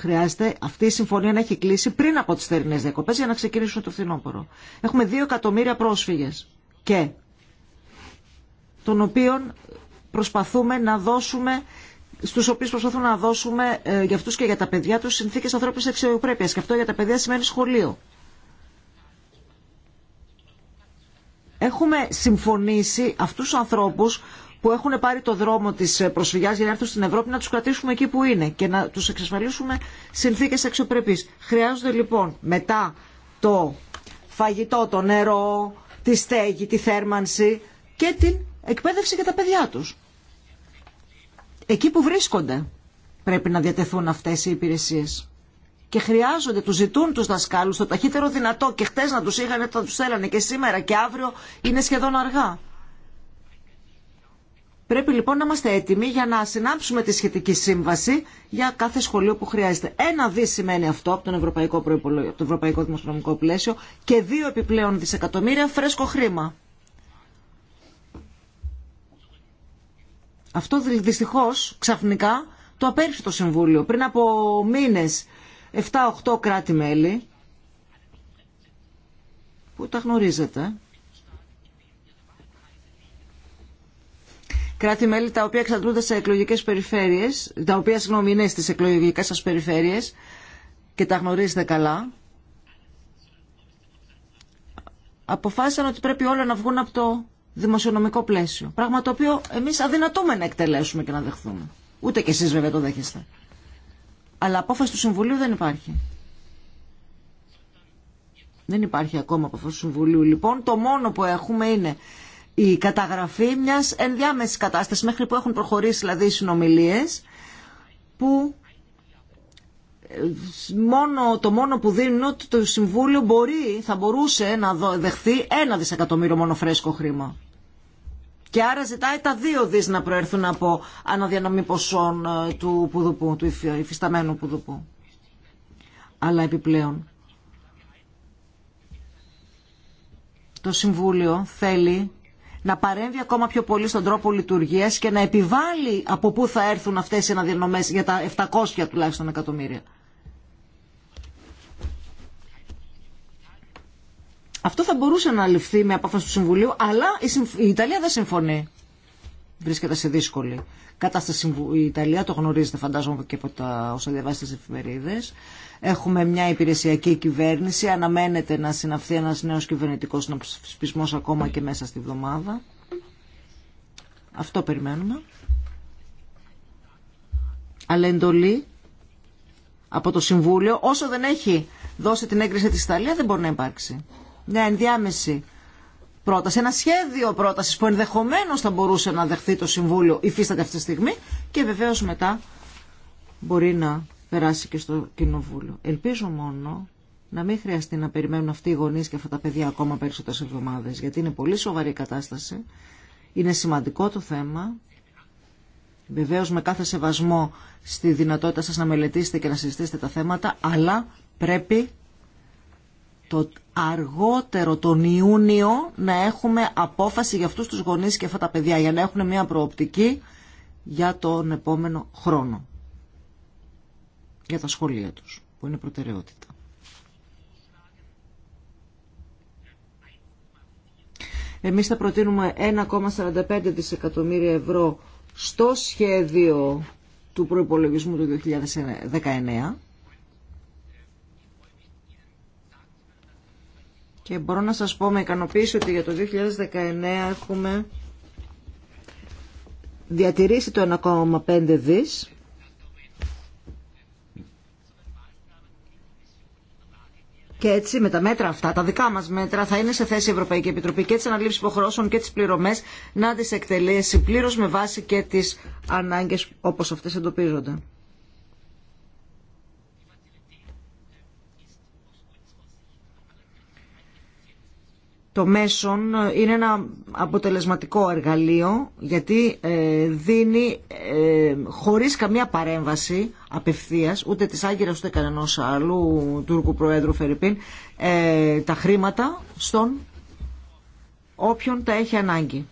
Χρειάζεται αυτή η συμφωνία να έχει κλείσει πριν από τι θερινέ διακοπέ για να ξεκινήσουν το φθινόπωρο. Έχουμε δύο εκατομμύρια πρόσφυγε και των οποίων προσπαθούμε να δώσουμε στους οποίους προσπαθούμε να δώσουμε ε, για αυτούς και για τα παιδιά τους συνθήκες ανθρώπινης αξιοπρέπειας. Και αυτό για τα παιδιά σημαίνει σχολείο. Έχουμε συμφωνήσει αυτούς τους ανθρώπους που έχουν πάρει το δρόμο τη προσφυγιά για να έρθουν στην Ευρώπη να του κρατήσουμε εκεί που είναι και να του εξασφαλίσουμε συνθήκε αξιοπρεπή. Χρειάζονται λοιπόν μετά το φαγητό, το νερό, τη στέγη, τη θέρμανση και την εκπαίδευση για τα παιδιά του. Εκεί που βρίσκονται πρέπει να διατεθούν αυτέ οι υπηρεσίε Και χρειάζονται, του ζητούν του δασκάλου το ταχύτερο δυνατό και χτε να του είχαν, θα του θέλανε και σήμερα και αύριο είναι σχεδόν αργά. Πρέπει λοιπόν να είμαστε έτοιμοι για να συνάψουμε τη σχετική σύμβαση για κάθε σχολείο που χρειάζεται. Ένα δι σημαίνει αυτό από, τον Ευρωπαϊκό το Ευρωπαϊκό Δημοσιονομικό Πλαίσιο και δύο επιπλέον δισεκατομμύρια φρέσκο χρήμα. Αυτό δυστυχώ, ξαφνικά το απέρριψε το Συμβούλιο πριν απο μηνε μήνες 7-8 κράτη-μέλη που τα γνωρίζετε κράτη-μέλη τα οποία εξαντλούνται σε εκλογικέ περιφέρειες, τα οποία συγγνώμη είναι στι εκλογικές σας περιφέρειες και τα γνωρίζετε καλά, αποφάσισαν ότι πρέπει όλα να βγουν από το δημοσιονομικό πλαίσιο. Πράγμα το οποίο εμεί αδυνατούμε να εκτελέσουμε και να δεχθούμε. Ούτε κι εσείς βέβαια το δέχεστε. Αλλά απόφαση του Συμβουλίου δεν υπάρχει. Δεν υπάρχει ακόμα απόφαση του Συμβουλίου. Λοιπόν, το μόνο που έχουμε είναι η καταγραφή μιας ενδιάμεσης κατάστασης μέχρι που έχουν προχωρήσει δηλαδή οι συνομιλίες που ε, μόνο, το μόνο που δίνουν ότι το Συμβούλιο μπορεί, θα μπορούσε να δεχθεί ένα δισεκατομμύριο μόνο φρέσκο χρήμα. Και άρα ζητάει τα δύο δις να προέρθουν από αναδιανομή ποσών ε, του πουδουπού, του υφισταμένου πουδουπού. Αλλά επιπλέον. Το Συμβούλιο θέλει να παρέμβει ακόμα πιο πολύ στον τρόπο λειτουργία και να επιβάλλει από πού θα έρθουν αυτές οι αναδιανομέ για τα 700 τουλάχιστον εκατομμύρια. Αυτό θα μπορούσε να ληφθεί με απόφαση του Συμβουλίου, αλλά η Ιταλία δεν συμφωνεί. Βρίσκεται σε δύσκολη κατάσταση η Ιταλία, το γνωρίζετε φαντάζομαι και από τα όσα διαβάζετε στις εφημερίδες. Έχουμε μια υπηρεσιακή κυβέρνηση, αναμένεται να συναυθεί ένας νέος κυβερνητικός συναψηφισμός ακόμα και μέσα στη βδομάδα. Αυτό περιμένουμε. Αλλά εντολή από το Συμβούλιο, όσο δεν έχει δώσει την έγκριση της Ιταλία δεν μπορεί να υπάρξει. Μια ενδιάμεση πρόταση, ένα σχέδιο πρόταση που ενδεχομένω θα μπορούσε να δεχθεί το Συμβούλιο υφίσταται αυτή τη στιγμή και βεβαίω μετά μπορεί να περάσει και στο Κοινοβούλιο. Ελπίζω μόνο να μην χρειαστεί να περιμένουν αυτοί οι γονεί και αυτά τα παιδιά ακόμα περισσότερε εβδομάδε. γιατί είναι πολύ σοβαρή η κατάσταση, είναι σημαντικό το θέμα, Βεβαίω με κάθε σεβασμό στη δυνατότητα σα να μελετήσετε και να συζητήσετε τα θέματα, αλλά πρέπει το αργότερο τον Ιούνιο να έχουμε απόφαση για αυτούς τους γονείς και αυτά τα παιδιά για να έχουν μια προοπτική για τον επόμενο χρόνο για τα σχολεία τους που είναι προτεραιότητα. Εμείς θα προτείνουμε 1,45 δισεκατομμύρια ευρώ στο σχέδιο του προϋπολογισμού του 2019 Και μπορώ να σας πω με ικανοποίηση ότι για το 2019 έχουμε διατηρήσει το 1,5 δις Και έτσι με τα μέτρα αυτά, τα δικά μας μέτρα, θα είναι σε θέση η Ευρωπαϊκή Επιτροπή και τις αναλήψεις υποχρεώσεων και τις πληρωμές να τις εκτελέσει πλήρως με βάση και τις ανάγκες όπως αυτές εντοπίζονται. το μέσον είναι ένα αποτελεσματικό εργαλείο γιατί ε, δίνει ε, χωρίς καμία παρέμβαση απευθείας ούτε της Άγκυρας ούτε κανένας άλλου Τούρκου Προέδρου Φερρυπίν ε, τα χρήματα στον όποιον τα έχει ανάγκη.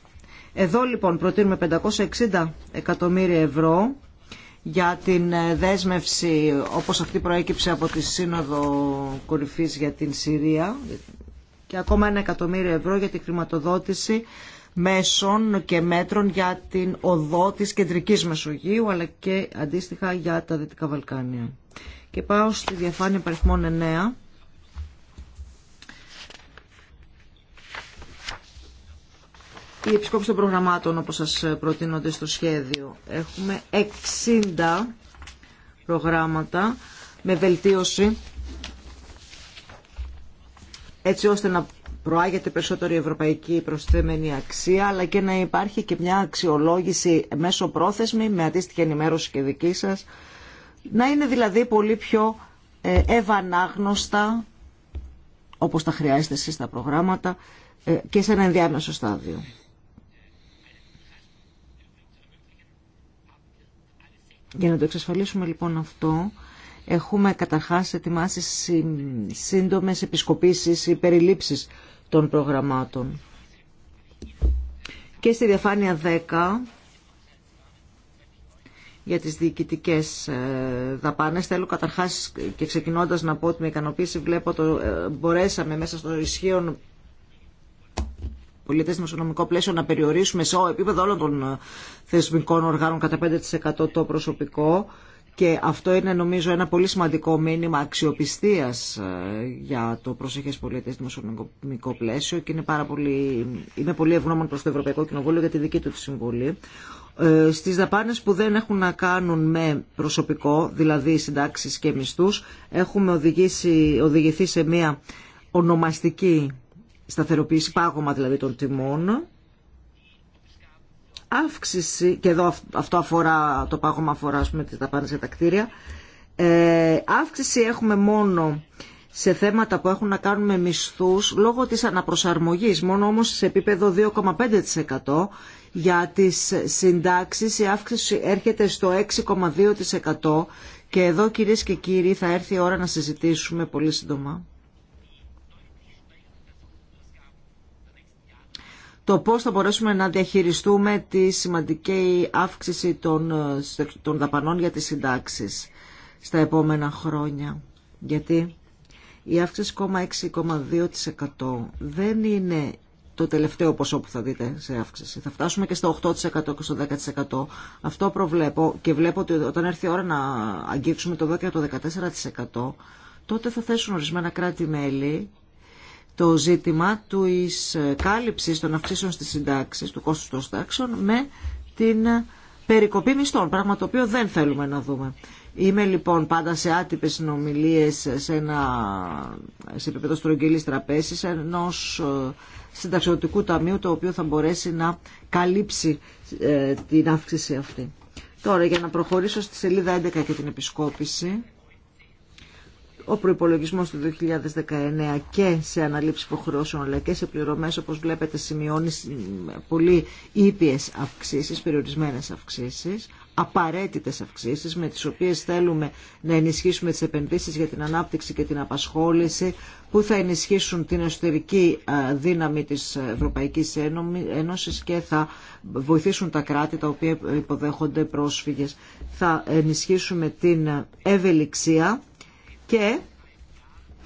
Εδώ λοιπόν προτείνουμε 560 εκατομμύρια ευρώ για την δέσμευση όπως αυτή προέκυψε από τη Σύνοδο Κορυφής για την Συρία, και ακόμα ένα εκατομμύριο ευρώ για τη χρηματοδότηση μέσων και μέτρων για την οδό της Κεντρικής Μεσογείου αλλά και αντίστοιχα για τα Δυτικά Βαλκάνια. Και πάω στη διαφάνεια παριθμών 9. Η επισκόπηση των προγραμμάτων όπως σας προτείνονται στο σχέδιο. Έχουμε 60 προγράμματα με βελτίωση έτσι ώστε να προάγεται περισσότερη ευρωπαϊκή προσθέμενη αξία, αλλά και να υπάρχει και μια αξιολόγηση μέσω πρόθεσμη, με αντίστοιχη ενημέρωση και δική σας, να είναι δηλαδή πολύ πιο ε, ευανάγνωστα, όπως τα χρειάζεστε εσείς τα προγράμματα, ε, και σε ένα ενδιάμεσο στάδιο. Για να το εξασφαλίσουμε λοιπόν αυτό, Έχουμε καταρχάς ετοιμάσει σύντομες επισκοπήσεις ή περιλήψεις των προγραμμάτων. Και στη διαφάνεια 10 για τις διοικητικές ε, δαπάνες. Θέλω καταρχάς και ξεκινώντας να πω ότι με ικανοποίηση βλέπω ότι ε, μπορέσαμε μέσα στο ισχύον πολιτές οικονομικό πλαίσιο να περιορίσουμε σε επίπεδο όλων των ε, θεσμικών οργάνων κατά 5% το προσωπικό και αυτό είναι νομίζω ένα πολύ σημαντικό μήνυμα αξιοπιστίας ε, για το προσεχές πολιτές δημοσιονομικό πλαίσιο και είναι πάρα πολύ, είμαι πολύ ευγνώμων προς το Ευρωπαϊκό Κοινοβούλιο για τη δική του τη συμβολή. Ε, στις δαπάνες που δεν έχουν να κάνουν με προσωπικό, δηλαδή συντάξεις και μισθούς, έχουμε οδηγήσει, οδηγηθεί σε μια ονομαστική σταθεροποίηση, πάγωμα δηλαδή των τιμών, αύξηση, και εδώ αυτό αφορά, το πάγωμα αφορά πούμε, τις για τα κτίρια, ε, αύξηση έχουμε μόνο σε θέματα που έχουν να κάνουν με μισθούς λόγω της αναπροσαρμογής, μόνο όμως σε επίπεδο 2,5% για τις συντάξεις η αύξηση έρχεται στο 6,2% και εδώ κυρίες και κύριοι θα έρθει η ώρα να συζητήσουμε πολύ σύντομα το πώς θα μπορέσουμε να διαχειριστούμε τη σημαντική αύξηση των, ε, των δαπανών για τις συντάξεις στα επόμενα χρόνια. Γιατί η αύξηση 6,2% δεν είναι το τελευταίο ποσό που θα δείτε σε αύξηση. Θα φτάσουμε και στο 8% και στο 10%. Αυτό προβλέπω και βλέπω ότι όταν έρθει η ώρα να αγγίξουμε το 12 και το 14% τότε θα θέσουν ορισμένα κράτη-μέλη το ζήτημα του εις ε, κάλυψης των αυξήσεων στις συντάξεις, του κόστου των συντάξεων, με την ε, περικοπή μισθών, πράγμα το οποίο δεν θέλουμε να δούμε. Είμαι λοιπόν πάντα σε άτυπες συνομιλίες ε, σε, ένα, σε επίπεδο στρογγυλής τραπέζης ενός συνταξιωτικού ταμείου το οποίο θα μπορέσει να καλύψει την αύξηση αυτή. Τώρα για να προχωρήσω στη σελίδα 11 και την επισκόπηση ο προπολογισμό του 2019 και σε αναλήψη υποχρεώσεων αλλά και σε πληρωμέ, όπω βλέπετε, σημειώνει πολύ ήπιε αυξήσει, περιορισμένε αυξήσει, απαραίτητε αυξήσει, με τι οποίε θέλουμε να ενισχύσουμε τι επενδύσει για την ανάπτυξη και την απασχόληση, που θα ενισχύσουν την εσωτερική δύναμη τη Ευρωπαϊκή Ένωση και θα βοηθήσουν τα κράτη τα οποία υποδέχονται πρόσφυγε. Θα ενισχύσουμε την ευελιξία και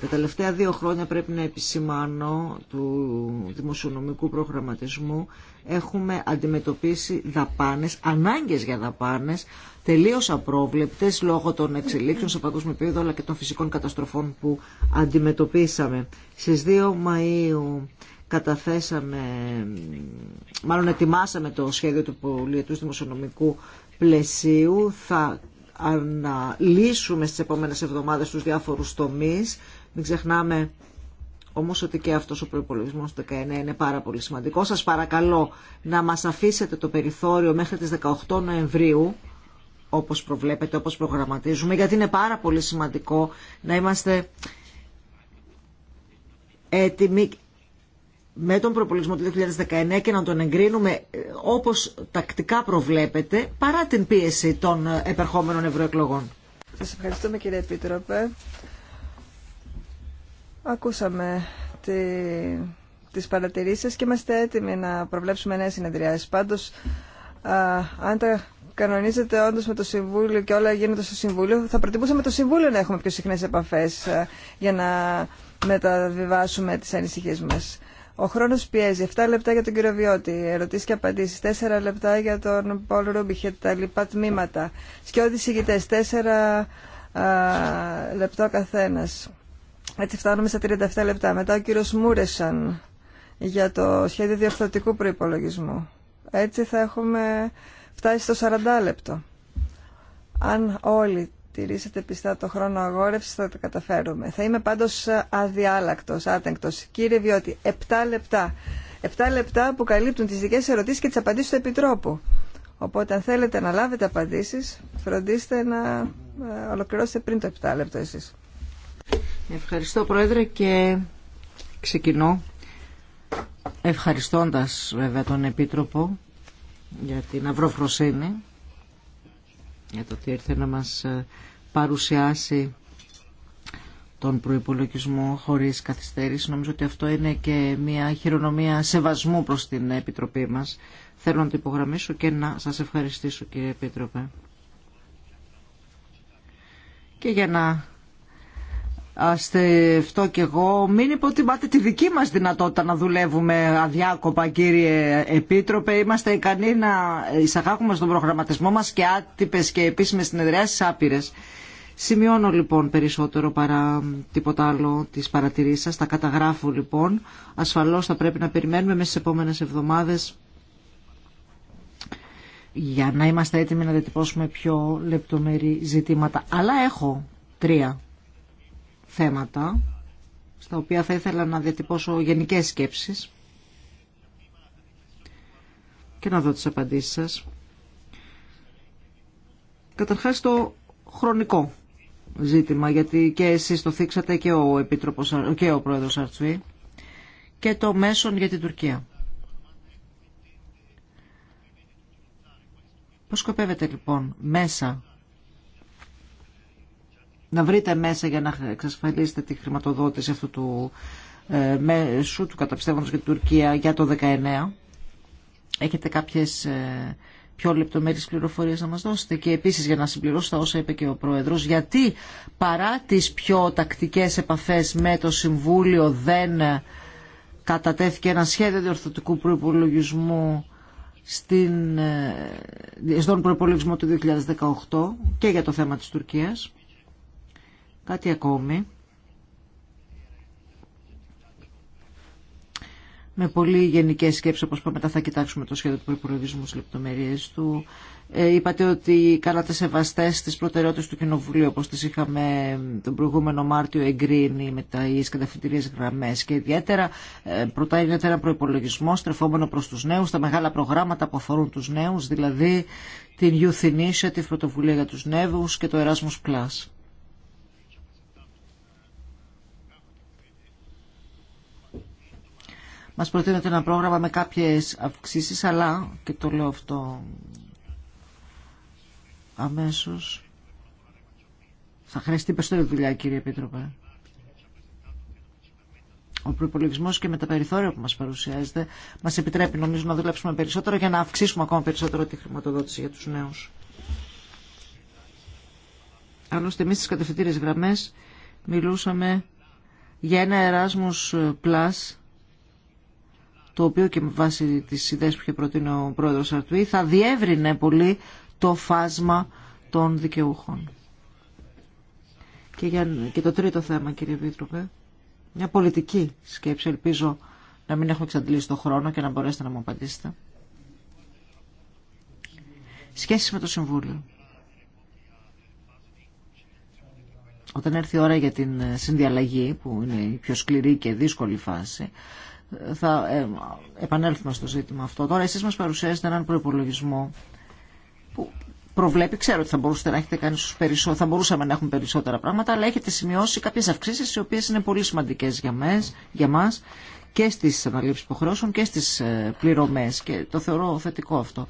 τα τελευταία δύο χρόνια πρέπει να επισημάνω του δημοσιονομικού προγραμματισμού έχουμε αντιμετωπίσει δαπάνες, ανάγκες για δαπάνες, τελείως απρόβλεπτες λόγω των εξελίξεων σε παγκόσμιο επίπεδο αλλά και των φυσικών καταστροφών που αντιμετωπίσαμε. Στις 2 Μαΐου καταθέσαμε, μάλλον ετοιμάσαμε το σχέδιο του πολιετούς δημοσιονομικού πλαισίου, θα λύσουμε στις επόμενες εβδομάδες τους διάφορους τομείς. Μην ξεχνάμε όμως ότι και αυτός ο προϋπολογισμός του 19 είναι πάρα πολύ σημαντικό. Σας παρακαλώ να μας αφήσετε το περιθώριο μέχρι τις 18 Νοεμβρίου, όπως προβλέπετε, όπως προγραμματίζουμε, γιατί είναι πάρα πολύ σημαντικό να είμαστε έτοιμοι με τον προπολογισμό του 2019 και να τον εγκρίνουμε ε, όπως τακτικά προβλέπεται παρά την πίεση των ε, επερχόμενων ευρωεκλογών. Σας ευχαριστούμε κύριε Επίτροπε. Ακούσαμε τη, τις παρατηρήσεις και είμαστε έτοιμοι να προβλέψουμε νέες συνεδριάσεις. Πάντως, α, αν τα κανονίζετε όντω με το Συμβούλιο και όλα γίνονται στο Συμβούλιο, θα προτιμούσαμε το Συμβούλιο να έχουμε πιο συχνές επαφές για να μεταβιβάσουμε τις ανησυχίες μας. Ο χρόνο πιέζει. 7 λεπτά για τον κύριο Βιώτη. Ερωτήσει και απαντήσει. 4 λεπτά για τον Πολ Ρούμπιχ τα λοιπά τμήματα. Σκιώδη ηγητέ. 4 α, λεπτά καθένα. Έτσι φτάνουμε στα 37 λεπτά. Μετά ο κύριο Μούρεσαν για το σχέδιο διορθωτικού προπολογισμού. Έτσι θα έχουμε φτάσει στο 40 λεπτό. Αν όλοι τηρήσετε πιστά το χρόνο αγόρευσης θα τα καταφέρουμε. Θα είμαι πάντως αδιάλακτος, άτεγκτος. Κύριε Βιώτη, 7 λεπτά. 7 λεπτά που καλύπτουν τις δικές ερωτήσεις και τις απαντήσεις του Επιτρόπου. Οπότε αν θέλετε να λάβετε απαντήσεις, φροντίστε να ε, ολοκληρώσετε πριν το 7 λεπτό εσείς. Ευχαριστώ Πρόεδρε και ξεκινώ ευχαριστώντας βέβαια τον Επίτροπο για την αυρόφροσύνη για το ότι ήρθε να μας ε, παρουσιάσει τον προϋπολογισμό χωρίς καθυστέρηση. Νομίζω ότι αυτό είναι και μια χειρονομία σεβασμού προς την Επιτροπή μας. Θέλω να το υπογραμμίσω και να σας ευχαριστήσω κύριε Επίτροπε. Και για να αυτό κι εγώ. Μην υποτιμάτε τη δική μας δυνατότητα να δουλεύουμε αδιάκοπα κύριε Επίτροπε. Είμαστε ικανοί να εισαγάγουμε στον προγραμματισμό μας και άτυπες και επίσημες συνεδριάσεις άπειρες. Σημειώνω λοιπόν περισσότερο παρά τίποτα άλλο τις παρατηρήσεις σας. Τα καταγράφω λοιπόν. Ασφαλώς θα πρέπει να περιμένουμε μέσα στις επόμενες εβδομάδες για να είμαστε έτοιμοι να διατυπώσουμε πιο λεπτομερή ζητήματα. Αλλά έχω τρία θέματα στα οποία θα ήθελα να διατυπώσω γενικές σκέψεις και να δω τις απαντήσεις σας. Καταρχάς το χρονικό ζήτημα, γιατί και εσείς το θίξατε και ο, Επίτροπος, και ο Πρόεδρος Αρτσουή και το μέσον για την Τουρκία. Πώς σκοπεύετε λοιπόν μέσα να βρείτε μέσα για να εξασφαλίσετε τη χρηματοδότηση αυτού του ε, μέσου του καταπιστεύοντος για την Τουρκία για το 19. Έχετε κάποιες ε, πιο λεπτομέρειες πληροφορίες να μας δώσετε και επίσης για να συμπληρώσω τα όσα είπε και ο Πρόεδρος γιατί παρά τις πιο τακτικές επαφές με το Συμβούλιο δεν κατατέθηκε ένα σχέδιο διορθωτικού προϋπολογισμού στην, ε, στον προϋπολογισμό του 2018 και για το θέμα της Τουρκίας. Κάτι ακόμη. με πολύ γενικέ σκέψει, όπω είπα, μετά θα κοιτάξουμε το σχέδιο του προπολογισμού στι λεπτομέρειε του. Ε, είπατε ότι κάνατε σεβαστέ τι προτεραιότητε του Κοινοβουλίου, όπω τι είχαμε τον προηγούμενο Μάρτιο εγκρίνει με τα καταφυτηρίε γραμμέ. Και ιδιαίτερα ε, προτάει ένα προπολογισμό στρεφόμενο προ του νέου, τα μεγάλα προγράμματα που αφορούν του νέου, δηλαδή την Youth Initiative, πρωτοβουλία για του νέου και το Erasmus Plus. Μας προτείνεται ένα πρόγραμμα με κάποιες αυξήσεις, αλλά, και το λέω αυτό αμέσως, θα χρειαστεί περισσότερη δουλειά, κύριε Επίτροπε. Ο προπολογισμό και με τα περιθώρια που μα παρουσιάζεται μα επιτρέπει νομίζω να δουλέψουμε περισσότερο για να αυξήσουμε ακόμα περισσότερο τη χρηματοδότηση για του νέου. Άλλωστε, εμεί στι κατευθυντήριε γραμμέ μιλούσαμε για ένα Erasmus Plus το οποίο και με βάση τις ιδέες που είχε προτείνει ο πρόεδρος Αρτουή θα διεύρυνε πολύ το φάσμα των δικαιούχων. Και, για, και το τρίτο θέμα κύριε Βίτροπε... μια πολιτική σκέψη, ελπίζω να μην έχω εξαντλήσει το χρόνο και να μπορέσετε να μου απαντήσετε. Σχέσεις με το Συμβούλιο. Όταν έρθει η ώρα για την συνδιαλλαγή, που είναι η πιο σκληρή και δύσκολη φάση, θα ε, επανέλθουμε στο ζήτημα αυτό. Τώρα εσείς μας παρουσιάζετε έναν προϋπολογισμό που προβλέπει, ξέρω ότι θα, μπορούσατε να έχετε κάνει περισσότερα, θα μπορούσαμε να έχουμε περισσότερα πράγματα, αλλά έχετε σημειώσει κάποιες αυξήσεις οι οποίες είναι πολύ σημαντικές για, μες, για μας και στις αναλήψεις υποχρεώσεων και στις ε, πληρωμές και το θεωρώ θετικό αυτό.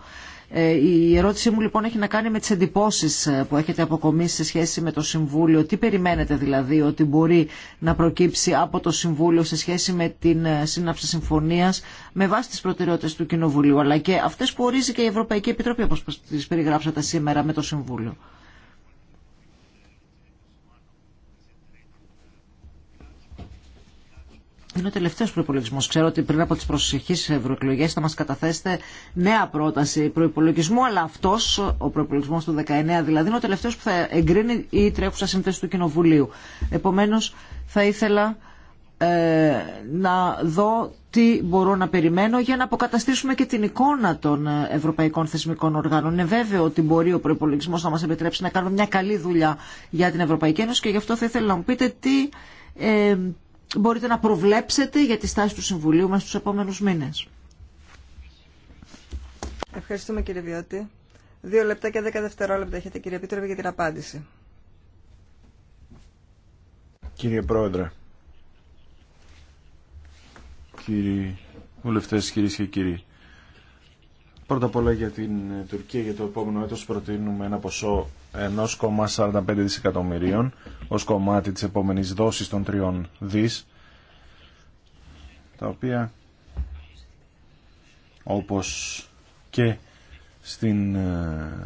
Ε, η ερώτησή μου λοιπόν έχει να κάνει με τις εντυπώσεις ε, που έχετε αποκομίσει σε σχέση με το Συμβούλιο. Τι περιμένετε δηλαδή ότι μπορεί να προκύψει από το Συμβούλιο σε σχέση με την ε, σύναψη συμφωνίας με βάση τις προτεραιότητες του Κοινοβουλίου αλλά και αυτές που ορίζει και η Ευρωπαϊκή Επιτροπή όπως τις περιγράψατε σήμερα με το Συμβούλιο. είναι ο τελευταίο προπολογισμό. Ξέρω ότι πριν από τι προσεχεί ευρωεκλογέ θα μα καταθέσετε νέα πρόταση προπολογισμού, αλλά αυτό, ο προπολογισμό του 19 δηλαδή, είναι ο τελευταίο που θα εγκρίνει η τρέχουσα σύνθεση του Κοινοβουλίου. Επομένω, θα ήθελα ε, να δω τι μπορώ να περιμένω για να αποκαταστήσουμε και την εικόνα των ευρωπαϊκών θεσμικών οργάνων. Είναι βέβαιο ότι μπορεί ο προπολογισμό να μα επιτρέψει να κάνουμε μια καλή δουλειά για την Ευρωπαϊκή Ένωση και γι' αυτό θα ήθελα να μου πείτε τι. Ε, μπορείτε να προβλέψετε για τη στάση του Συμβουλίου μας στους επόμενους μήνες. Ευχαριστούμε κύριε Βιώτη. Δύο λεπτά και δέκα δευτερόλεπτα έχετε κύριε Επίτροπε για την απάντηση. Κύριε Πρόεδρε, κύριοι βουλευτές, κυρίες και κύριοι, Πρώτα απ' όλα για την ε, Τουρκία για το επόμενο έτος προτείνουμε ένα ποσό 1,45 δισεκατομμυρίων ως κομμάτι της επόμενης δόσης των τριών δις τα οποία όπως και στην ε,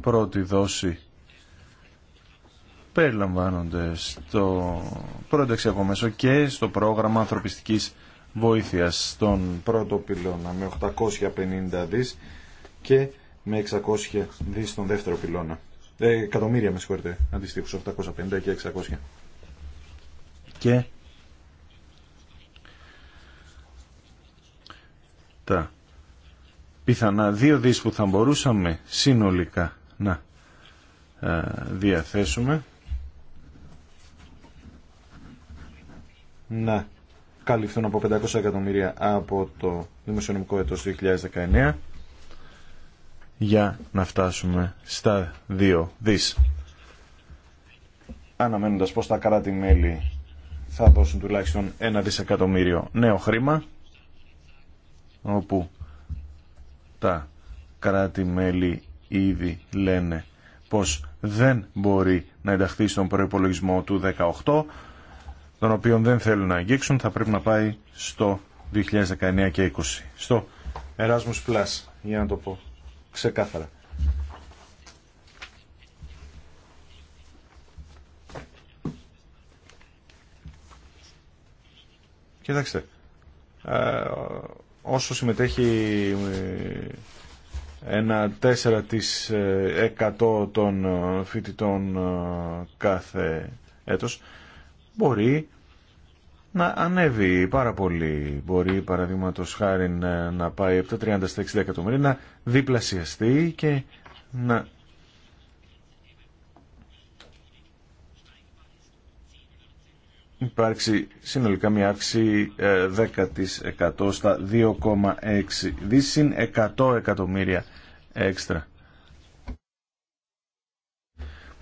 πρώτη δόση περιλαμβάνονται στο πρώτο εξεγόμεσο και στο πρόγραμμα ανθρωπιστικής Βοήθεια στον πρώτο πυλώνα με 850 δις και με 600 δις στον δεύτερο πυλώνα. Ε, εκατομμύρια με συγχωρείτε, αντιστοίχως 850 και 600. Και τα πιθανά δύο δις που θα μπορούσαμε συνολικά να ε, διαθέσουμε να καλυφθούν από 500 εκατομμύρια από το δημοσιονομικό έτος 2019 για να φτάσουμε στα 2 δις. Αναμένοντας πως τα κράτη-μέλη θα δώσουν τουλάχιστον 1 δισεκατομμύριο νέο χρήμα όπου τα κράτη-μέλη ήδη λένε πως δεν μπορεί να ενταχθεί στον προϋπολογισμό του 18 τον οποίων δεν θέλουν να αγγίξουν θα πρέπει να πάει στο 2019 και 20 στο Erasmus Plus για να το πω ξεκάθαρα Κοιτάξτε ε, όσο συμμετέχει ε, ένα τέσσερα ε, εκατό των φοιτητών κάθε έτος μπορεί να ανέβει πάρα πολύ. Μπορεί παραδείγματο χάρη να πάει από τα 30 στα 60 να διπλασιαστεί και να. Υπάρξει συνολικά μια αύξηση 10% ε, στα 2,6 δις συν 100 εκατομμύρια έξτρα.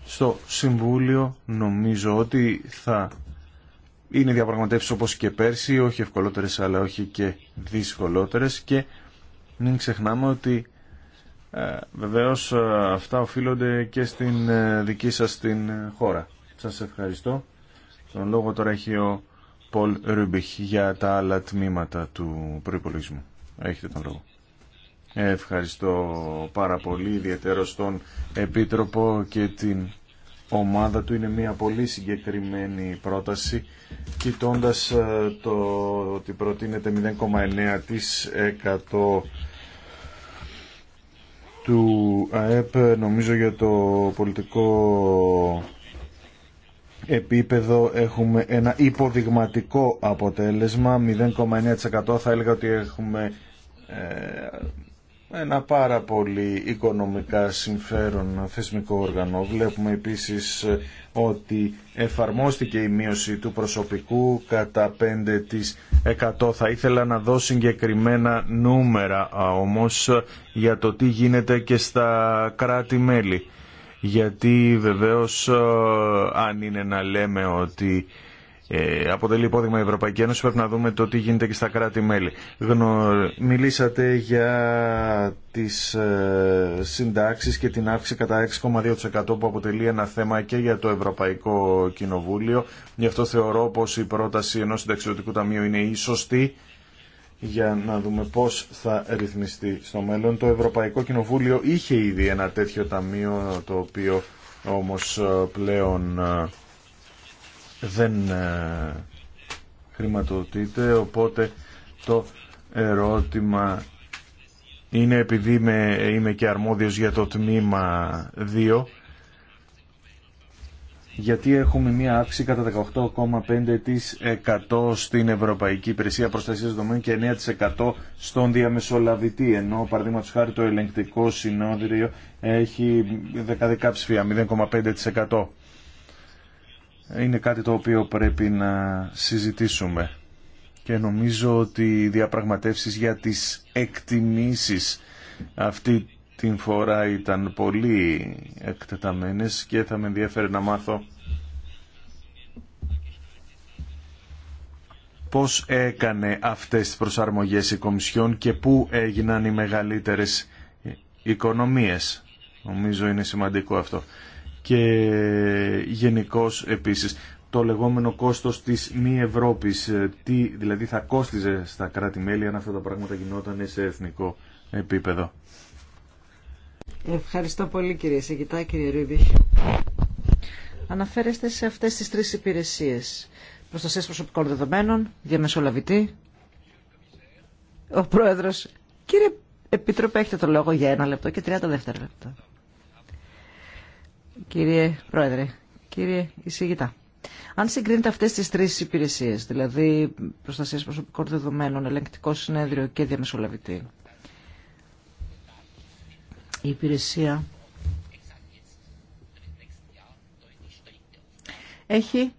Στο Συμβούλιο νομίζω ότι θα είναι διαπραγματεύσει όπως και πέρσι, όχι ευκολότερε αλλά όχι και δυσκολότερες και μην ξεχνάμε ότι ε, βεβαίως ε, αυτά οφείλονται και στην ε, δική σας την χώρα. Σας ευχαριστώ. Τον λόγο τώρα έχει ο Πολ Ρούμπιχ για τα άλλα τμήματα του προπολογισμού. Έχετε τον λόγο. Ευχαριστώ πάρα πολύ, ιδιαίτερο στον Επίτροπο και την ομάδα του είναι μια πολύ συγκεκριμένη πρόταση κοιτώντα ε, το ότι προτείνεται 0,9% του ΑΕΠ νομίζω για το πολιτικό επίπεδο έχουμε ένα υποδειγματικό αποτέλεσμα 0,9% θα έλεγα ότι έχουμε ε, ένα πάρα πολύ οικονομικά συμφέρον θεσμικό όργανο. Βλέπουμε επίσης ότι εφαρμόστηκε η μείωση του προσωπικού κατά 5%. Θα ήθελα να δω συγκεκριμένα νούμερα όμως για το τι γίνεται και στα κράτη-μέλη. Γιατί βεβαίως αν είναι να λέμε ότι ε, αποτελεί υπόδειγμα η Ευρωπαϊκή Ένωση, πρέπει να δούμε το τι γίνεται και στα κράτη-μέλη. Μιλήσατε για τις ε, συντάξεις και την αύξηση κατά 6,2% που αποτελεί ένα θέμα και για το Ευρωπαϊκό Κοινοβούλιο. Γι' αυτό θεωρώ πως η πρόταση ενός συνταξιωτικού ταμείου είναι η σωστή για να δούμε πώς θα ρυθμιστεί στο μέλλον. Το Ευρωπαϊκό Κοινοβούλιο είχε ήδη ένα τέτοιο ταμείο το οποίο όμως ε, πλέον ε, δεν ε, χρηματοδοτείται, οπότε το ερώτημα είναι επειδή είμαι, είμαι και αρμόδιος για το τμήμα 2, γιατί έχουμε μία αύξηση κατά 18,5% στην Ευρωπαϊκή Υπηρεσία Προστασία Δεδομένων και 9% στον διαμεσολαβητή. Ενώ, παραδείγματο χάρη, το ελεγκτικό συνόδριο έχει δεκαδικά ψηφία, 0,5% είναι κάτι το οποίο πρέπει να συζητήσουμε και νομίζω ότι οι διαπραγματεύσεις για τις εκτιμήσεις αυτή την φορά ήταν πολύ εκτεταμένες και θα με ενδιαφέρει να μάθω πώς έκανε αυτές τις προσαρμογές η Κομισιόν και πού έγιναν οι μεγαλύτερες οικονομίες. Νομίζω είναι σημαντικό αυτό και γενικώ επίσης το λεγόμενο κόστος της μη Ευρώπης, ε, τι δηλαδή θα κόστιζε στα κράτη-μέλη αν αυτά τα πράγματα γινόταν σε εθνικό επίπεδο. Ευχαριστώ πολύ κύριε Σεγητά, κύριε Ρούμπιχ. Αναφέρεστε σε αυτές τις τρεις υπηρεσίες. Προστασία προσωπικών δεδομένων, διαμεσολαβητή, ο πρόεδρος. Κύριε Επίτροπε, έχετε το λόγο για ένα λεπτό και 30 δεύτερα λεπτά. Κύριε Πρόεδρε, κύριε Ισηγητά, αν συγκρίνετε αυτές τις τρεις υπηρεσίες, δηλαδή προστασία προσωπικών δεδομένων, ελεγκτικό συνέδριο και διαμεσολαβητή, η υπηρεσία έχει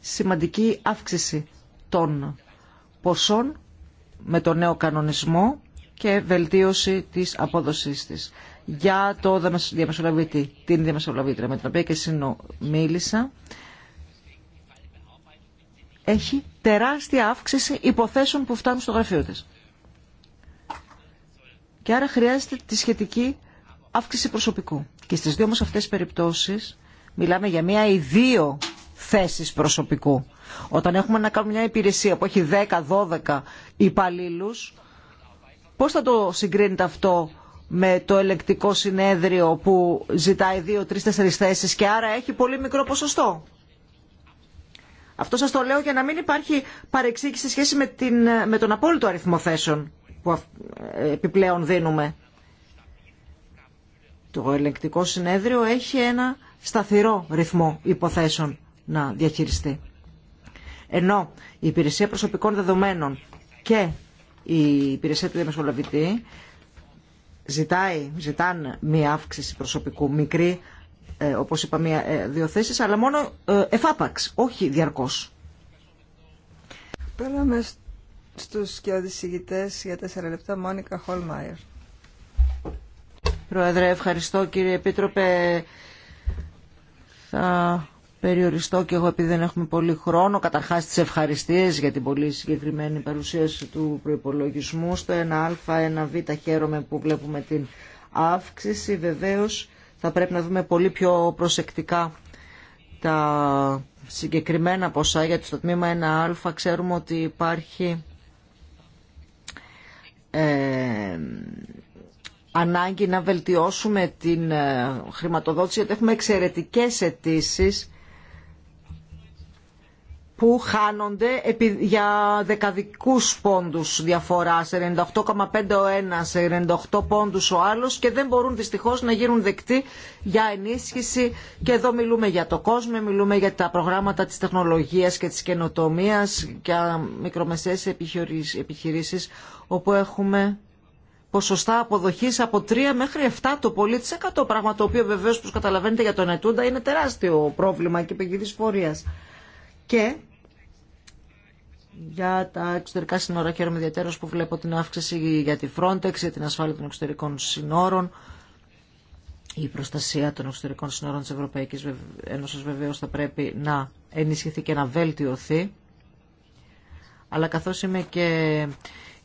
σημαντική αύξηση των ποσών με τον νέο κανονισμό και βελτίωση της απόδοσής της για το διαμεσολαβήτη, την διαμεσολαβήτρια με την οποία και μίλησα έχει τεράστια αύξηση υποθέσεων που φτάνουν στο γραφείο της. Και άρα χρειάζεται τη σχετική αύξηση προσωπικού. Και στις δύο όμως αυτές τις περιπτώσεις μιλάμε για μία ή δύο θέσεις προσωπικού. Όταν έχουμε να κάνουμε μια υπηρεσία που έχει 10-12 υπαλλήλους, πώς θα το συγκρίνεται αυτό με το ελεκτικό συνέδριο που ζηταει δύο, δύο-τρει-τέσσερι θέσει και άρα έχει πολύ μικρό ποσοστό. Αυτό σας το λέω για να μην υπάρχει παρεξήγηση σε σχέση με, τον απόλυτο αριθμό θέσεων που επιπλέον δίνουμε. Το ελεκτικό συνέδριο έχει ένα σταθερό ρυθμό υποθέσεων να διαχειριστεί. Ενώ η υπηρεσία προσωπικών δεδομένων και η υπηρεσία του διαμεσολαβητή ζητάει, ζητάν μία αύξηση προσωπικού μικρή, ε, όπως είπα μία ε, δύο θέσεις, αλλά μόνο ε, εφάπαξ, όχι διαρκώς. Πέραμε στους και οδησηγητές για τέσσερα λεπτά, Μόνικα Χολμάιερ. Πρόεδρε, ευχαριστώ κύριε Επίτροπε. Θα περιοριστώ και εγώ επειδή δεν έχουμε πολύ χρόνο. Καταρχάς τις ευχαριστίες για την πολύ συγκεκριμένη παρουσίαση του προϋπολογισμού στο 1α, 1β χαίρομαι που βλέπουμε την αύξηση. Βεβαίως θα πρέπει να δούμε πολύ πιο προσεκτικά τα συγκεκριμένα ποσά γιατί στο τμήμα 1α ξέρουμε ότι υπάρχει ε, ανάγκη να βελτιώσουμε την ε, χρηματοδότηση γιατί έχουμε εξαιρετικές αιτήσει που χάνονται για δεκαδικούς πόντους διαφορά σε 98,5 ο ένας, σε 98 πόντους ο άλλος και δεν μπορούν δυστυχώς να γίνουν δεκτοί για ενίσχυση και εδώ μιλούμε για το κόσμο, μιλούμε για τα προγράμματα της τεχνολογίας και της καινοτομίας για μικρομεσαίες επιχειρήσεις όπου έχουμε ποσοστά αποδοχής από 3 μέχρι 7 το πολύ 100 πράγμα το οποίο βεβαίως που καταλαβαίνετε για τον Ετούντα είναι τεράστιο πρόβλημα και επικοινής φορείας. Και για τα εξωτερικά σύνορα χαίρομαι ιδιαίτερα που βλέπω την αύξηση για τη Frontex, για την ασφάλεια των εξωτερικών σύνορων. Η προστασία των εξωτερικών σύνορων της Ευρωπαϊκής Ένωσης βεβαίως θα πρέπει να ενισχυθεί και να βελτιωθεί. Αλλά καθώς είμαι και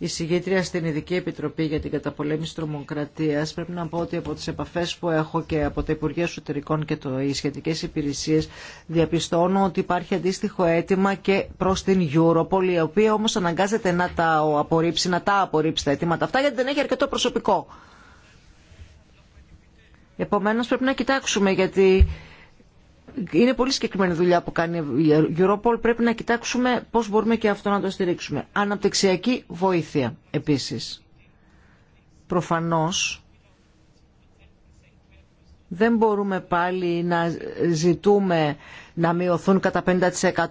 εισηγήτρια στην Ειδική Επιτροπή για την Καταπολέμηση Τρομοκρατίας. Πρέπει να πω ότι από τις επαφές που έχω και από τα Υπουργεία Εσωτερικών και το, οι σχετικέ υπηρεσίες διαπιστώνω ότι υπάρχει αντίστοιχο αίτημα και προς την Europol, η οποία όμως αναγκάζεται να τα απορρίψει, να τα απορρίψει τα αιτήματα αυτά γιατί δεν έχει αρκετό προσωπικό. Επομένω πρέπει να κοιτάξουμε γιατί είναι πολύ συγκεκριμένη δουλειά που κάνει η Europol. Πρέπει να κοιτάξουμε πώς μπορούμε και αυτό να το στηρίξουμε. Αναπτυξιακή βοήθεια επίσης. Προφανώς δεν μπορούμε πάλι να ζητούμε να μειωθούν κατά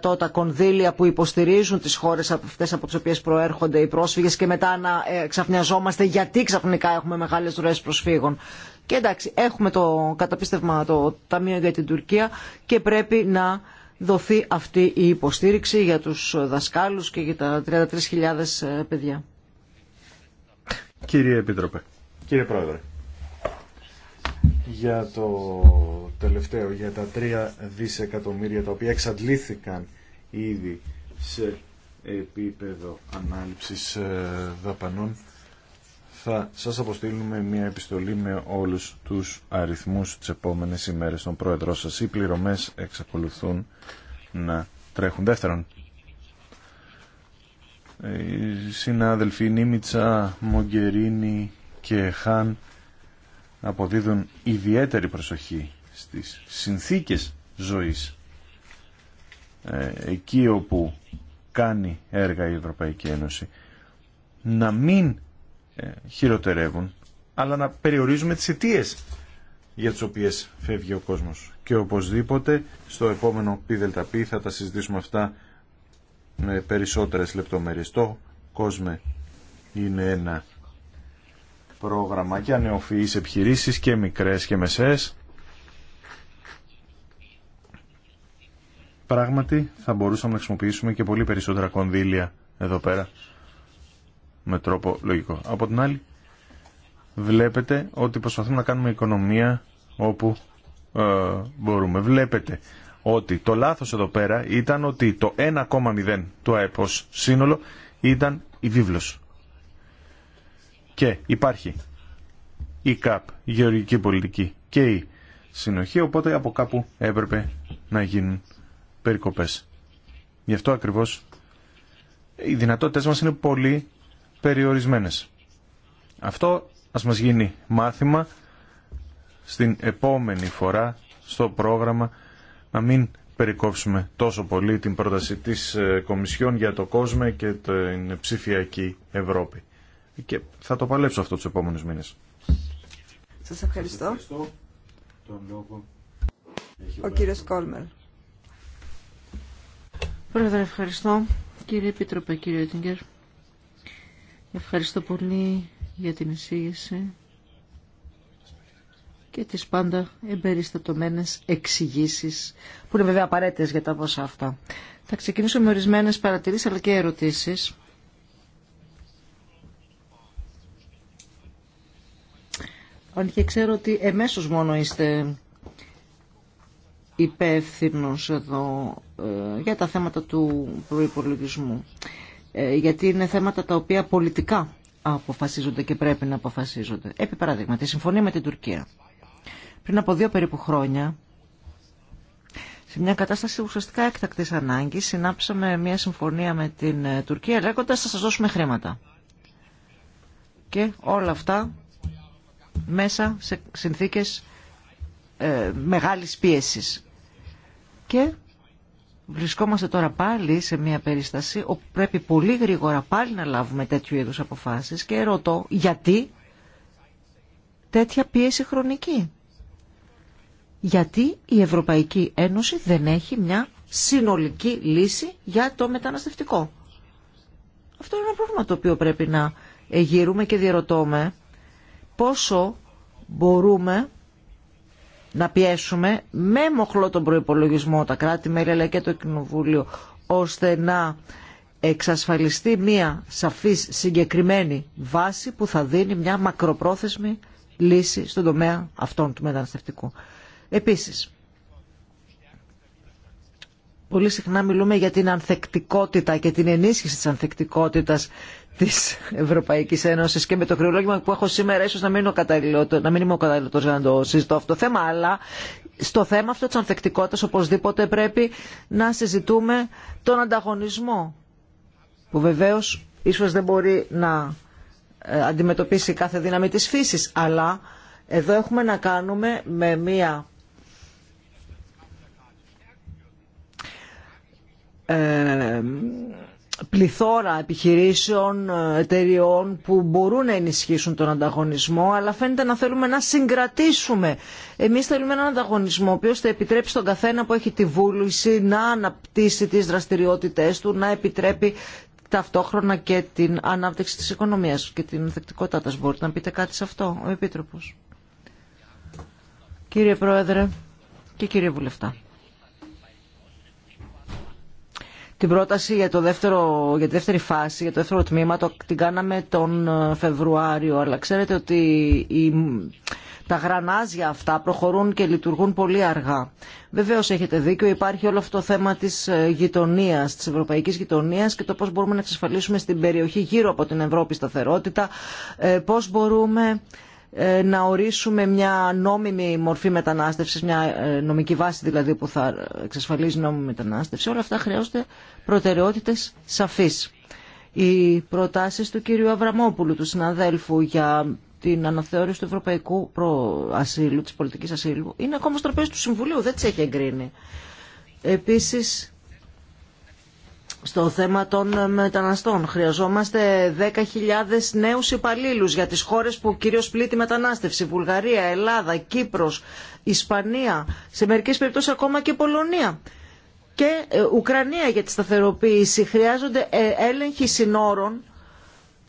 50% τα κονδύλια που υποστηρίζουν τις χώρες αυτές από τις οποίες προέρχονται οι πρόσφυγες και μετά να ε, ξαφνιαζόμαστε γιατί ξαφνικά έχουμε μεγάλες δουλειές προσφύγων. Και εντάξει, έχουμε το καταπίστευμα το Ταμείο για την Τουρκία και πρέπει να δοθεί αυτή η υποστήριξη για τους δασκάλους και για τα 33.000 ε, παιδιά. Κύριε Επίτροπε. Κύριε Πρόεδρε. Για το τελευταίο, για τα 3 δισεκατομμύρια τα οποία εξαντλήθηκαν ήδη σε επίπεδο ανάληψης ε, δαπανών θα σας αποστείλουμε μια επιστολή με όλους τους αριθμούς τις επόμενες ημέρες των πρόεδρό σας. Οι πληρωμές εξακολουθούν να τρέχουν δεύτερον. Οι συνάδελφοι Νίμιτσα, Μογκερίνη και Χάν αποδίδουν ιδιαίτερη προσοχή στις συνθήκες ζωής ε, εκεί όπου κάνει έργα η Ευρωπαϊκή Ένωση να μην ε, χειροτερεύουν, αλλά να περιορίζουμε τις αιτίε για τις οποίες φεύγει ο κόσμος. Και οπωσδήποτε στο επόμενο ΠΔΠ θα τα συζητήσουμε αυτά με περισσότερες λεπτομέρειες. Το κόσμο είναι ένα πρόγραμμα για νεοφυείς επιχειρήσεις και μικρές και μεσές. Πράγματι θα μπορούσαμε να χρησιμοποιήσουμε και πολύ περισσότερα κονδύλια εδώ πέρα με τρόπο λογικό. Από την άλλη, βλέπετε ότι προσπαθούμε να κάνουμε οικονομία όπου ε, μπορούμε. Βλέπετε ότι το λάθος εδώ πέρα ήταν ότι το 1,0 του ΑΕΠ σύνολο ήταν η βίβλος. Και υπάρχει η ΚΑΠ, η γεωργική πολιτική και η συνοχή, οπότε από κάπου έπρεπε να γίνουν περικοπές. Γι' αυτό ακριβώς οι δυνατότητες μας είναι πολύ περιορισμένες. Αυτό ας μας γίνει μάθημα στην επόμενη φορά στο πρόγραμμα να μην περικόψουμε τόσο πολύ την πρόταση της ε, Κομισιόν για το κόσμο και την ψηφιακή Ευρώπη. Και θα το παλέψω αυτό τους επόμενους μήνες. Σας ευχαριστώ. ευχαριστώ. Ο κύριος Κόλμερ. Πρόεδρε, ευχαριστώ. Κύριε Επίτροπε, κύριε Τιγκέρ. Ευχαριστώ πολύ για την εισήγηση και τις πάντα εμπεριστατωμένες εξηγήσει που είναι βέβαια απαραίτητε για τα ποσά αυτά. Θα ξεκινήσω με ορισμένες παρατηρήσεις αλλά και ερωτήσεις. Αν και ξέρω ότι εμέσως μόνο είστε υπεύθυνος εδώ ε, για τα θέματα του προϋπολογισμού. Ε, γιατί είναι θέματα τα οποία πολιτικά αποφασίζονται και πρέπει να αποφασίζονται. Επί παράδειγμα, τη συμφωνία με την Τουρκία. Πριν από δύο περίπου χρόνια, σε μια κατάσταση ουσιαστικά έκτακτης ανάγκης, συνάψαμε μια συμφωνία με την ε, Τουρκία λέγοντα θα σας δώσουμε χρήματα. Και όλα αυτά μέσα σε συνθήκες ε, μεγάλης πίεσης. Και Βρισκόμαστε τώρα πάλι σε μια περίσταση όπου πρέπει πολύ γρήγορα πάλι να λάβουμε τέτοιου ειδου αποφάσεις και ρωτώ γιατί τέτοια πίεση χρονική. Γιατί η Ευρωπαϊκή Ένωση δεν έχει μια συνολική λύση για το μεταναστευτικό. Αυτό είναι ένα πρόβλημα το οποίο πρέπει να γύρουμε και διαρωτώμε πόσο μπορούμε να πιέσουμε με μοχλό τον προϋπολογισμό τα κράτη-μέλη αλλά και το Κοινοβούλιο ώστε να εξασφαλιστεί μια σαφής συγκεκριμένη βάση που θα δίνει μια μακροπρόθεσμη λύση στον τομέα αυτών του μεταναστευτικού. Επίσης, πολύ συχνά μιλούμε για την ανθεκτικότητα και την ενίσχυση της ανθεκτικότητας Τη Ευρωπαϊκής Ένωσης και με το χρεολόγημα που έχω σήμερα ίσω να μην είμαι ο καταλληλότερο για να το συζητώ αυτό το θέμα αλλά στο θέμα αυτό τη ανθεκτικότητα, οπωσδήποτε πρέπει να συζητούμε τον ανταγωνισμό που βεβαίω ίσως δεν μπορεί να ε, αντιμετωπίσει κάθε δύναμη τη φύσης αλλά εδώ έχουμε να κάνουμε με μία ε, πληθώρα επιχειρήσεων, εταιριών που μπορούν να ενισχύσουν τον ανταγωνισμό, αλλά φαίνεται να θέλουμε να συγκρατήσουμε. Εμείς θέλουμε έναν ανταγωνισμό, ο οποίο θα επιτρέψει στον καθένα που έχει τη βούληση να αναπτύσσει τις δραστηριότητές του, να επιτρέπει ταυτόχρονα και την ανάπτυξη της οικονομίας και την θεκτικότητά Μπορείτε να πείτε κάτι σε αυτό, ο Επίτροπος. Κύριε Πρόεδρε και κύριε Βουλευτά. Την πρόταση για, το δεύτερο, για τη δεύτερη φάση, για το δεύτερο τμήμα, το, την κάναμε τον ε, Φεβρουάριο. Αλλά ξέρετε ότι η, τα γρανάζια αυτά προχωρούν και λειτουργούν πολύ αργά. Βεβαίως έχετε δίκιο, υπάρχει όλο αυτό το θέμα της ε, γειτονίας, της ευρωπαϊκής γειτονίας και το πώς μπορούμε να εξασφαλίσουμε στην περιοχή γύρω από την Ευρώπη σταθερότητα, ε, πώς μπορούμε ε, να ορίσουμε μια νόμιμη μορφή μετανάστευσης, μια ε, νομική βάση δηλαδή που θα εξασφαλίζει νόμιμη μετανάστευση. Όλα αυτά χρειάζονται προτεραιότητες σαφείς. Οι προτάσεις του κύριου Αβραμόπουλου, του συναδέλφου, για την αναθεώρηση του ευρωπαϊκού προασύλου, της πολιτικής ασύλου, είναι ακόμα στο του Συμβουλίου, δεν τις έχει εγκρίνει. Επίσης, στο θέμα των μεταναστών. Χρειαζόμαστε 10.000 νέους υπαλλήλους για τις χώρες που κυρίως πλήττει μετανάστευση. Βουλγαρία, Ελλάδα, Κύπρος, Ισπανία, σε μερικέ περιπτώσει ακόμα και Πολωνία. Και ε, Ουκρανία για τη σταθεροποίηση. Χρειάζονται ε, έλεγχοι συνόρων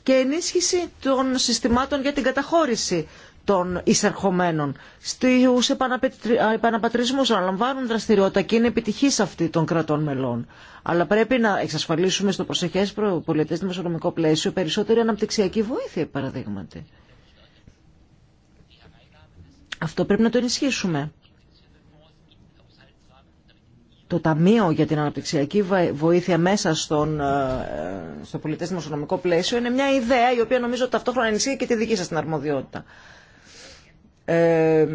και ενίσχυση των συστημάτων για την καταχώρηση των εισερχομένων. Στους να αναλαμβάνουν δραστηριότητα και είναι επιτυχή αυτή των κρατών μελών. Αλλά πρέπει να εξασφαλίσουμε στο προσεχέ πολιτέ δημοσιονομικό πλαίσιο περισσότερη αναπτυξιακή βοήθεια, παραδείγματι. Αυτό πρέπει να το ενισχύσουμε. Το Ταμείο για την Αναπτυξιακή Βοήθεια μέσα στον, ε, στο πολιτές δημοσιονομικό πλαίσιο είναι μια ιδέα η οποία νομίζω ταυτόχρονα ενισχύει και τη δική σα την αρμοδιότητα ε,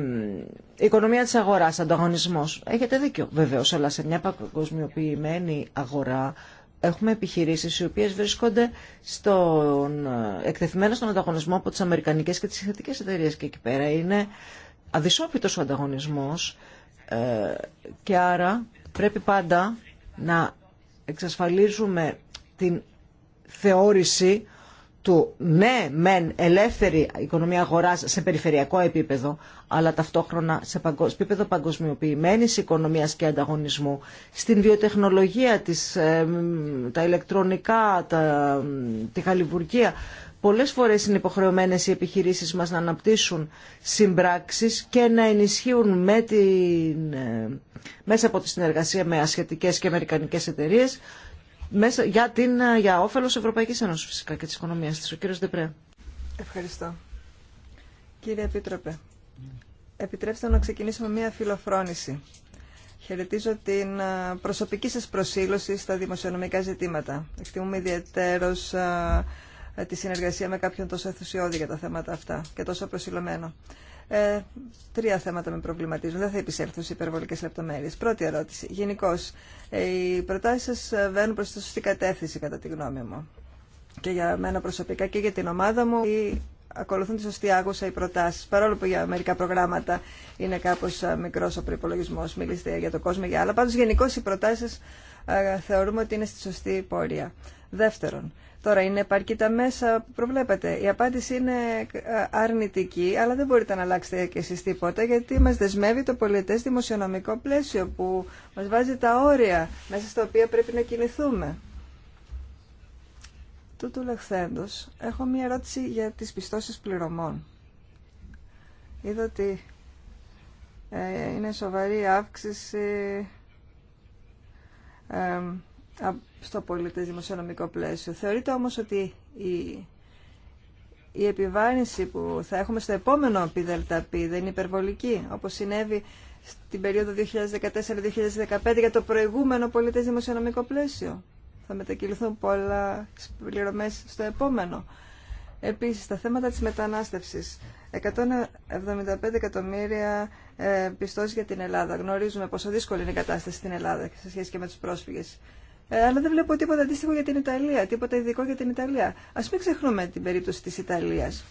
οικονομία της αγοράς, ανταγωνισμός. Έχετε δίκιο βεβαίως, αλλά σε μια παγκοσμιοποιημένη αγορά έχουμε επιχειρήσεις οι οποίες βρίσκονται στον, ε, εκτεθειμένες στον ανταγωνισμό από τις αμερικανικές και τις ιδιωτικές εταιρείε και εκεί πέρα είναι αδυσόπιτος ο ανταγωνισμός ε, και άρα πρέπει πάντα να εξασφαλίζουμε την θεώρηση του ναι μεν ελεύθερη οικονομία αγορά σε περιφερειακό επίπεδο αλλά ταυτόχρονα σε επίπεδο παγκοσμιοποιημένης οικονομίας και ανταγωνισμού στην βιοτεχνολογία, της, τα ηλεκτρονικά, τα, τη χαλιβουργία πολλές φορές είναι υποχρεωμένες οι επιχειρήσεις μας να αναπτύσσουν συμπράξεις και να ενισχύουν ε, μέσα από τη συνεργασία με και αμερικανικές εταιρείες μέσα, για, την, για όφελος Ευρωπαϊκής Ένωσης φυσικά και της οικονομίας της. Ο κύριος Δεπρέ. Ευχαριστώ. Κύριε Επίτροπε, επιτρέψτε να ξεκινήσουμε μία φιλοφρόνηση. Χαιρετίζω την προσωπική σας προσήλωση στα δημοσιονομικά ζητήματα. Εκτιμούμε ιδιαίτερω τη συνεργασία με κάποιον τόσο ενθουσιώδη για τα θέματα αυτά και τόσο προσιλωμένο. Ε, τρία θέματα με προβληματίζουν. Δεν θα επισέλθω σε υπερβολικέ λεπτομέρειε. Πρώτη ερώτηση. Γενικώ, ε, οι προτάσει σα βαίνουν προ τη σωστή κατεύθυνση, κατά τη γνώμη μου. Και για μένα προσωπικά και για την ομάδα μου, η ακολουθούν τη σωστή άγουσα οι προτάσει. Παρόλο που για μερικά προγράμματα είναι κάπω ε, μικρό ο προπολογισμό, μιλήστε για το κόσμο, για άλλα. Πάντω, γενικώ οι προτάσει ε, θεωρούμε ότι είναι στη σωστή πορεία. Δεύτερον, τώρα είναι επαρκή τα μέσα που προβλέπετε. Η απάντηση είναι ε, αρνητική, αλλά δεν μπορείτε να αλλάξετε και εσείς τίποτα, γιατί μας δεσμεύει το πολιτές δημοσιονομικό πλαίσιο που μας βάζει τα όρια μέσα στα οποία πρέπει να κινηθούμε. Τούτου λεχθέντος, έχω μία ερώτηση για τις πιστώσεις πληρωμών. Είδα ότι ε, είναι σοβαρή αύξηση στο πολιτές δημοσιονομικό πλαίσιο. Θεωρείται όμως ότι η, η επιβάρυνση που θα έχουμε στο επόμενο πι δεν είναι υπερβολική, όπως συνέβη στην περίοδο 2014-2015 για το προηγούμενο πολιτές δημοσιονομικό πλαίσιο. Θα μετακυλθούν πολλά πληρωμές στο επόμενο. Επίσης, τα θέματα της μετανάστευσης. 175 εκατομμύρια ε, για την Ελλάδα. Γνωρίζουμε πόσο δύσκολη είναι η κατάσταση στην Ελλάδα σε σχέση και με τους πρόσφυγες. Ε, αλλά δεν βλέπω τίποτα αντίστοιχο για την Ιταλία, τίποτα ειδικό για την Ιταλία. Ας μην ξεχνούμε την περίπτωση της Ιταλίας.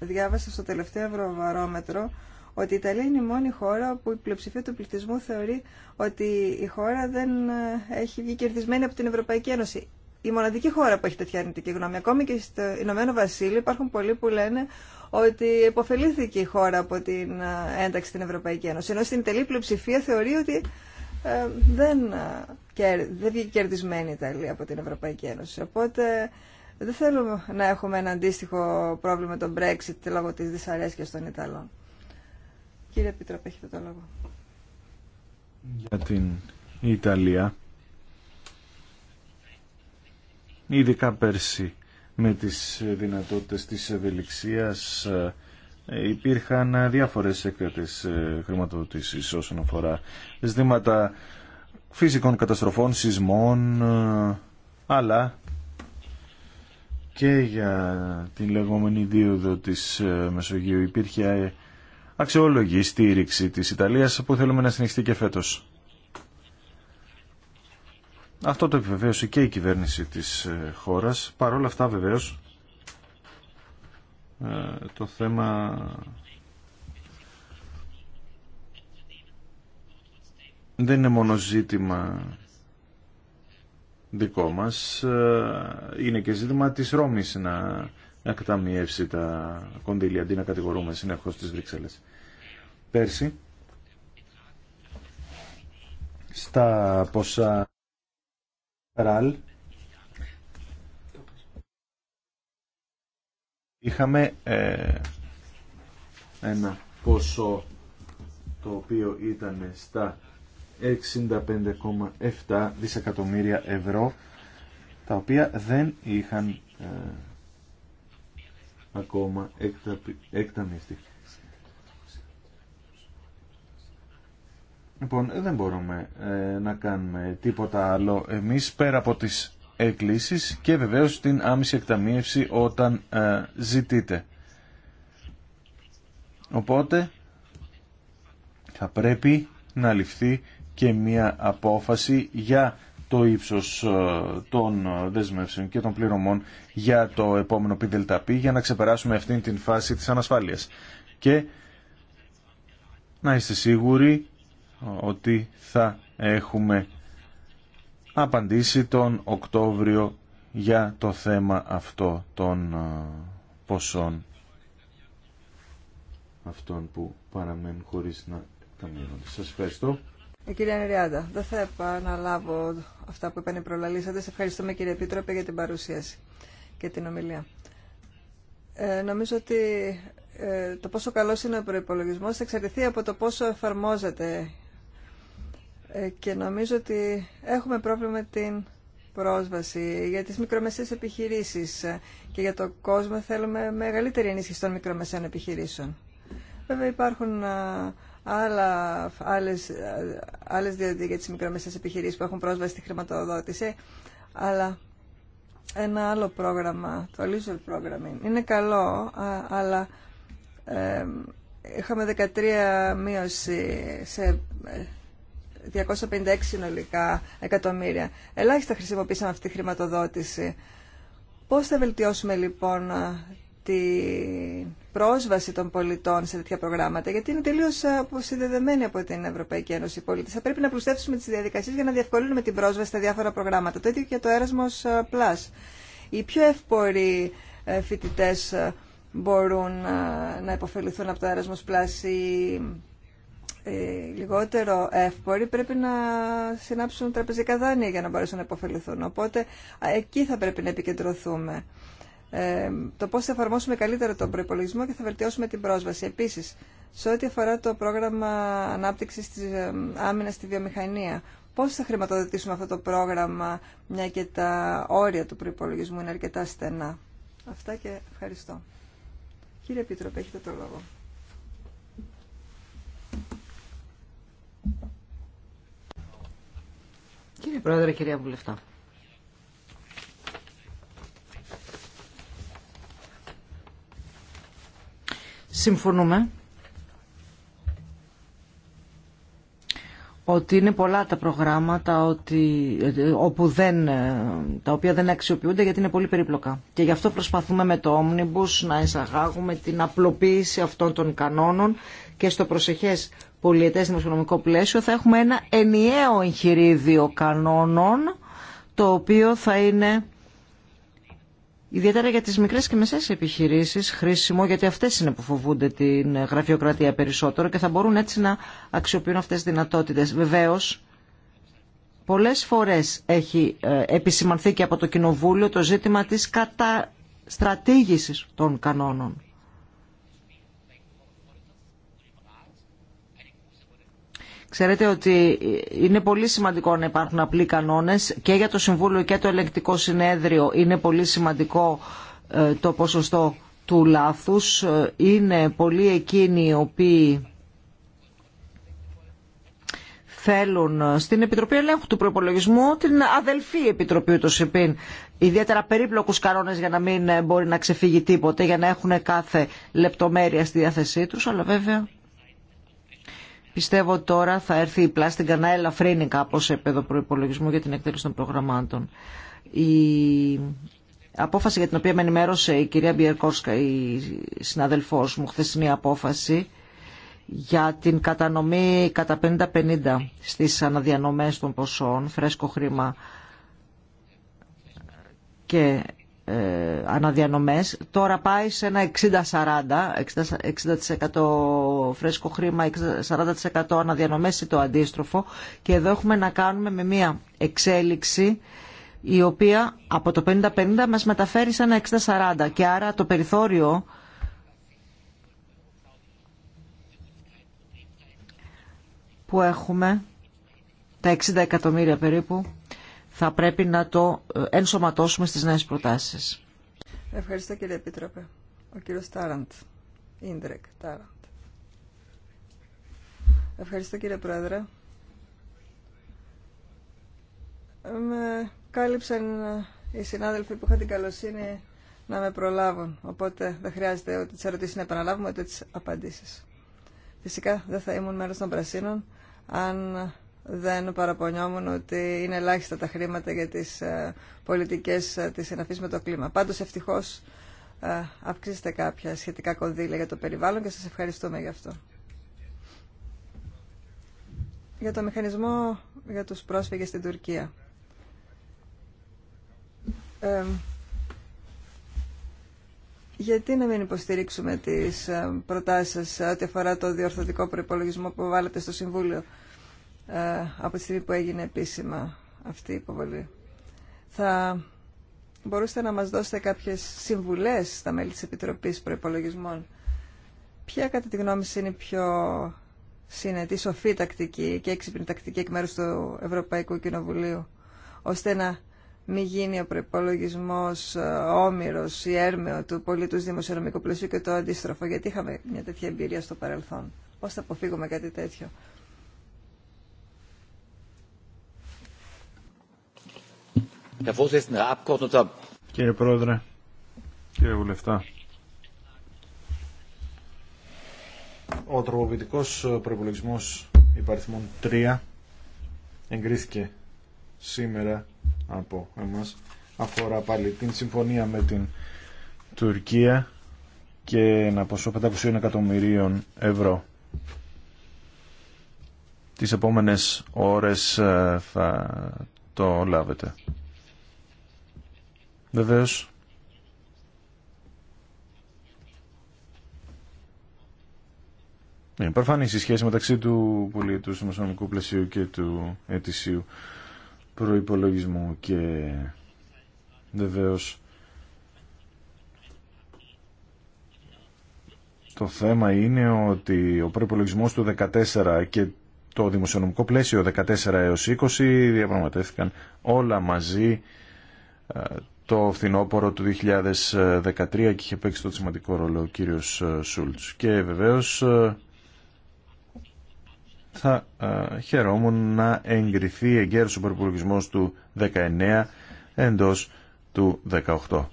Διάβασα στο τελευταίο ευρωβαρόμετρο ότι η Ιταλία είναι η μόνη χώρα που η πλειοψηφία του πληθυσμού θεωρεί ότι η χώρα δεν ε, έχει βγει κερδισμένη από την Ευρωπαϊκή Ένωση η μοναδική χώρα που έχει τέτοια αρνητική γνώμη. Ακόμη και στο Ηνωμένο Βασίλειο υπάρχουν πολλοί που λένε ότι υποφελήθηκε η χώρα από την ε, ένταξη στην Ευρωπαϊκή Ένωση. Ενώ στην τελή πλειοψηφία θεωρεί ότι ε, δεν, ε, δεν βγήκε κερδισμένη η Ιταλία από την Ευρωπαϊκή Ένωση. Οπότε δεν θέλουμε να έχουμε ένα αντίστοιχο πρόβλημα με τον Brexit λόγω της δυσαρέσκειας των Ιταλών. Κύριε Πίτρο, έχετε το λόγο. Για την Ιταλία ειδικά πέρσι με τις δυνατότητες της ευελιξίας ε, υπήρχαν διάφορες έκτατες ε, χρηματοδοτήσεις όσον αφορά ζητήματα φυσικών καταστροφών, σεισμών, ε, αλλά και για την λεγόμενη δίωδο της Μεσογείου υπήρχε αξιόλογη στήριξη της Ιταλίας που θέλουμε να συνεχιστεί και φέτος. Αυτό το επιβεβαίωσε και η κυβέρνηση της ε, χώρας. Παρ' όλα αυτά βεβαίως ε, το θέμα δεν είναι μόνο ζήτημα δικό μας, ε, είναι και ζήτημα της Ρώμης να εκταμιεύσει τα κονδύλια αντί να κατηγορούμε συνεχώς τις Βρυξέλλες. Πέρσι, στα ποσά είχαμε ε, ένα ποσό το οποίο ήταν στα 65,7 δισεκατομμύρια ευρώ τα οποία δεν είχαν ε, ακόμα εκταμιστεί. Λοιπόν, ε, δεν μπορούμε ε, να κάνουμε τίποτα άλλο εμείς πέρα από τις εκκλήσεις και βεβαίως την άμεση εκταμίευση όταν ε, ζητείτε. Οπότε θα πρέπει να ληφθεί και μία απόφαση για το ύψος των δεσμεύσεων και των πληρωμών για το επόμενο ΠΔΠ για να ξεπεράσουμε αυτήν την φάση της ανασφάλειας. Και να είστε σίγουροι ότι θα έχουμε απαντήσει τον Οκτώβριο για το θέμα αυτό των ε, ποσών αυτών που παραμένουν χωρίς να μιλούν. Σας ευχαριστώ. Ε, κυρία Νεριάντα, δεν θα επαναλάβω αυτά που είπαν οι προλαλήσαντες. Ευχαριστούμε κύριε Επίτροπε για την παρουσίαση και την ομιλία. Ε, νομίζω ότι ε, το πόσο καλός είναι ο προϋπολογισμός θα εξαρτηθεί από το πόσο εφαρμόζεται ε, και νομίζω ότι έχουμε πρόβλημα με την πρόσβαση για τις μικρομεσαίες επιχειρήσεις και για το κόσμο θέλουμε μεγαλύτερη ενίσχυση των μικρομεσαίων επιχειρήσεων. Βέβαια υπάρχουν άλλα, άλλες, άλλες για τις μικρομεσαίες επιχειρήσεις που έχουν πρόσβαση στη χρηματοδότηση, αλλά ένα άλλο πρόγραμμα, το Leisure Programming, είναι καλό, αλλά ε, είχαμε 13 μείωση σε 256 συνολικά εκατομμύρια. Ελάχιστα χρησιμοποίησαμε αυτή τη χρηματοδότηση. Πώς θα βελτιώσουμε λοιπόν την πρόσβαση των πολιτών σε τέτοια προγράμματα, γιατί είναι τελείω αποσυνδεδεμένη από την Ευρωπαϊκή Ένωση οι πολίτε. Θα πρέπει να προσθέσουμε τι διαδικασίε για να διευκολύνουμε την πρόσβαση στα διάφορα προγράμματα. Το ίδιο και το Erasmus Plus. Οι πιο εύποροι φοιτητέ μπορούν να υποφεληθούν από το Erasmus Plus. Οι οι λιγότερο εύποροι πρέπει να συνάψουν τραπεζικά δάνεια για να μπορέσουν να υποφεληθούν. Οπότε εκεί θα πρέπει να επικεντρωθούμε. Ε, το πώς θα εφαρμόσουμε καλύτερα τον προπολογισμό και θα βελτιώσουμε την πρόσβαση. Επίσης, σε ό,τι αφορά το πρόγραμμα ανάπτυξης της ε, άμυνας στη βιομηχανία, πώς θα χρηματοδοτήσουμε αυτό το πρόγραμμα, μια και τα όρια του προπολογισμού είναι αρκετά στενά. Αυτά και ευχαριστώ. Κύριε Επίτροπε, έχετε το λόγο. Κύριε Πρόεδρε, κυρία Βουλευτά. Συμφωνούμε ότι είναι πολλά τα προγράμματα ότι, όπου δεν, τα οποία δεν αξιοποιούνται γιατί είναι πολύ περίπλοκα. Και γι' αυτό προσπαθούμε με το Omnibus να εισαγάγουμε την απλοποίηση αυτών των κανόνων και στο προσεχές πολιετές δημοσιονομικό πλαίσιο θα έχουμε ένα ενιαίο εγχειρίδιο κανόνων το οποίο θα είναι ιδιαίτερα για τις μικρές και μεσαίες επιχειρήσεις χρήσιμο γιατί αυτές είναι που φοβούνται την γραφειοκρατία περισσότερο και θα μπορούν έτσι να αξιοποιούν αυτές τις δυνατότητες. Βεβαίως, πολλές φορές έχει ε, επισημανθεί και από το Κοινοβούλιο το ζήτημα της καταστρατήγησης των κανόνων. Ξέρετε ότι είναι πολύ σημαντικό να υπάρχουν απλοί κανόνες και για το Συμβούλιο και το Ελεκτικό Συνέδριο είναι πολύ σημαντικό ε, το ποσοστό του λάθους. Ε, είναι πολλοί εκείνοι οι οποίοι θέλουν ε, στην Επιτροπή Ελέγχου του Προπολογισμού την αδελφή Επιτροπή του ΣΥΠΗΝ. Ιδιαίτερα περίπλοκους κανόνες για να μην μπορεί να ξεφύγει τίποτε, για να έχουν κάθε λεπτομέρεια στη διάθεσή τους, αλλά βέβαια Πιστεύω τώρα θα έρθει η στην Κανά ελαφρύνει κάπως σε επίπεδο προπολογισμού για την εκτέλεση των προγραμμάτων. Η απόφαση για την οποία με ενημέρωσε η κυρία Μπιερκόρσκα, η συναδελφός μου, μια απόφαση για την κατανομή κατά 50-50 στις αναδιανομές των ποσών, φρέσκο χρήμα και ε, αναδιανομές τώρα πάει σε ένα 60-40 60%, 60 φρέσκο χρήμα 40% αναδιανομές ή το αντίστροφο και εδώ έχουμε να κάνουμε με μια εξέλιξη η οποία από το 50-50 μας μεταφέρει σε ένα 60-40 και άρα το περιθώριο που έχουμε τα 60 εκατομμύρια περίπου θα πρέπει να το ε, ενσωματώσουμε στις νέες προτάσεις. Ευχαριστώ κύριε Επίτροπε. Ο κύριος Τάραντ, Ίντρεκ Τάραντ. Ευχαριστώ κύριε Πρόεδρε. Με κάλυψαν ε, οι συνάδελφοι που είχαν την καλοσύνη να με προλάβουν, οπότε δεν χρειάζεται ούτε τι ερωτήσει να επαναλάβουμε, ούτε τι απαντήσει. Φυσικά δεν θα ήμουν μέρο των Πρασίνων αν δεν παραπονιόμουν ότι είναι ελάχιστα τα χρήματα για τις ε, πολιτικές ε, της συναφής με το κλίμα. Πάντως ευτυχώς ε, αυξήσετε κάποια σχετικά κονδύλια για το περιβάλλον και σας ευχαριστούμε γι' αυτό. Για το μηχανισμό για τους πρόσφυγες στην Τουρκία. γιατί να μην υποστηρίξουμε τις προτάσεις σας ό,τι αφορά το διορθωτικό προπολογισμό που βάλετε στο Συμβούλιο ε, από τη στιγμή που έγινε επίσημα αυτή η υποβολή. Θα μπορούσατε να μας δώσετε κάποιες συμβουλές στα μέλη της Επιτροπής Προϋπολογισμών. Ποια κατά τη γνώμη σας είναι η πιο συνετή, σοφή τακτική και έξυπνη τακτική εκ μέρους του Ευρωπαϊκού Κοινοβουλίου, ώστε να μην γίνει ο προπολογισμό ε, όμοιρο ή έρμεο του πολίτου δημοσιονομικού πλαισίου και το αντίστροφο, γιατί είχαμε μια τέτοια εμπειρία στο παρελθόν. Πώ θα αποφύγουμε κάτι τέτοιο. Κύριε Πρόεδρε, κύριε Βουλευτά, ο τροποποιητικός προπολογισμό υπαριθμών 3 εγκρίθηκε σήμερα από εμάς. Αφορά πάλι την συμφωνία με την Τουρκία και ένα ποσό 500 εκατομμυρίων ευρώ. Τις επόμενες ώρες ε, θα το λάβετε. Βεβαίως, Είναι προφανή η σχέση μεταξύ του πολιτικού δημοσιονομικού πλαισίου και του ετησίου προϋπολογισμού και βεβαίω το θέμα είναι ότι ο προϋπολογισμός του 14 και το δημοσιονομικό πλαίσιο 14 έως 20 διαπραγματεύθηκαν όλα μαζί το φθινόπωρο του 2013 και είχε παίξει το σημαντικό ρόλο ο κύριος ε, Σούλτς. Και βεβαίως ε, θα ε, χαιρόμουν να εγκριθεί εγκαίρως ο προπολογισμό του 19 εντός του 18.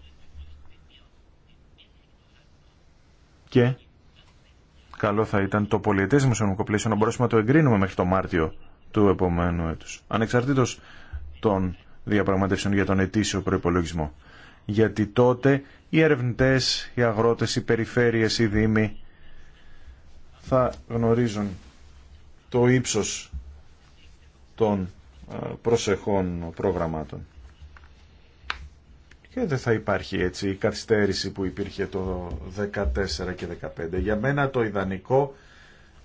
Και καλό θα ήταν το πολιετές δημοσιονομικό πλαίσιο να μπορέσουμε να το εγκρίνουμε μέχρι το Μάρτιο του επόμενου έτους. Ανεξαρτήτως των διαπραγματεύσεων για τον ετήσιο προπολογισμό. Γιατί τότε οι ερευνητέ, οι αγρότες, οι περιφέρειες, οι δήμοι θα γνωρίζουν το ύψος των ε, προσεχών προγραμμάτων. Και δεν θα υπάρχει έτσι η καθυστέρηση που υπήρχε το 14 και 15. Για μένα το ιδανικό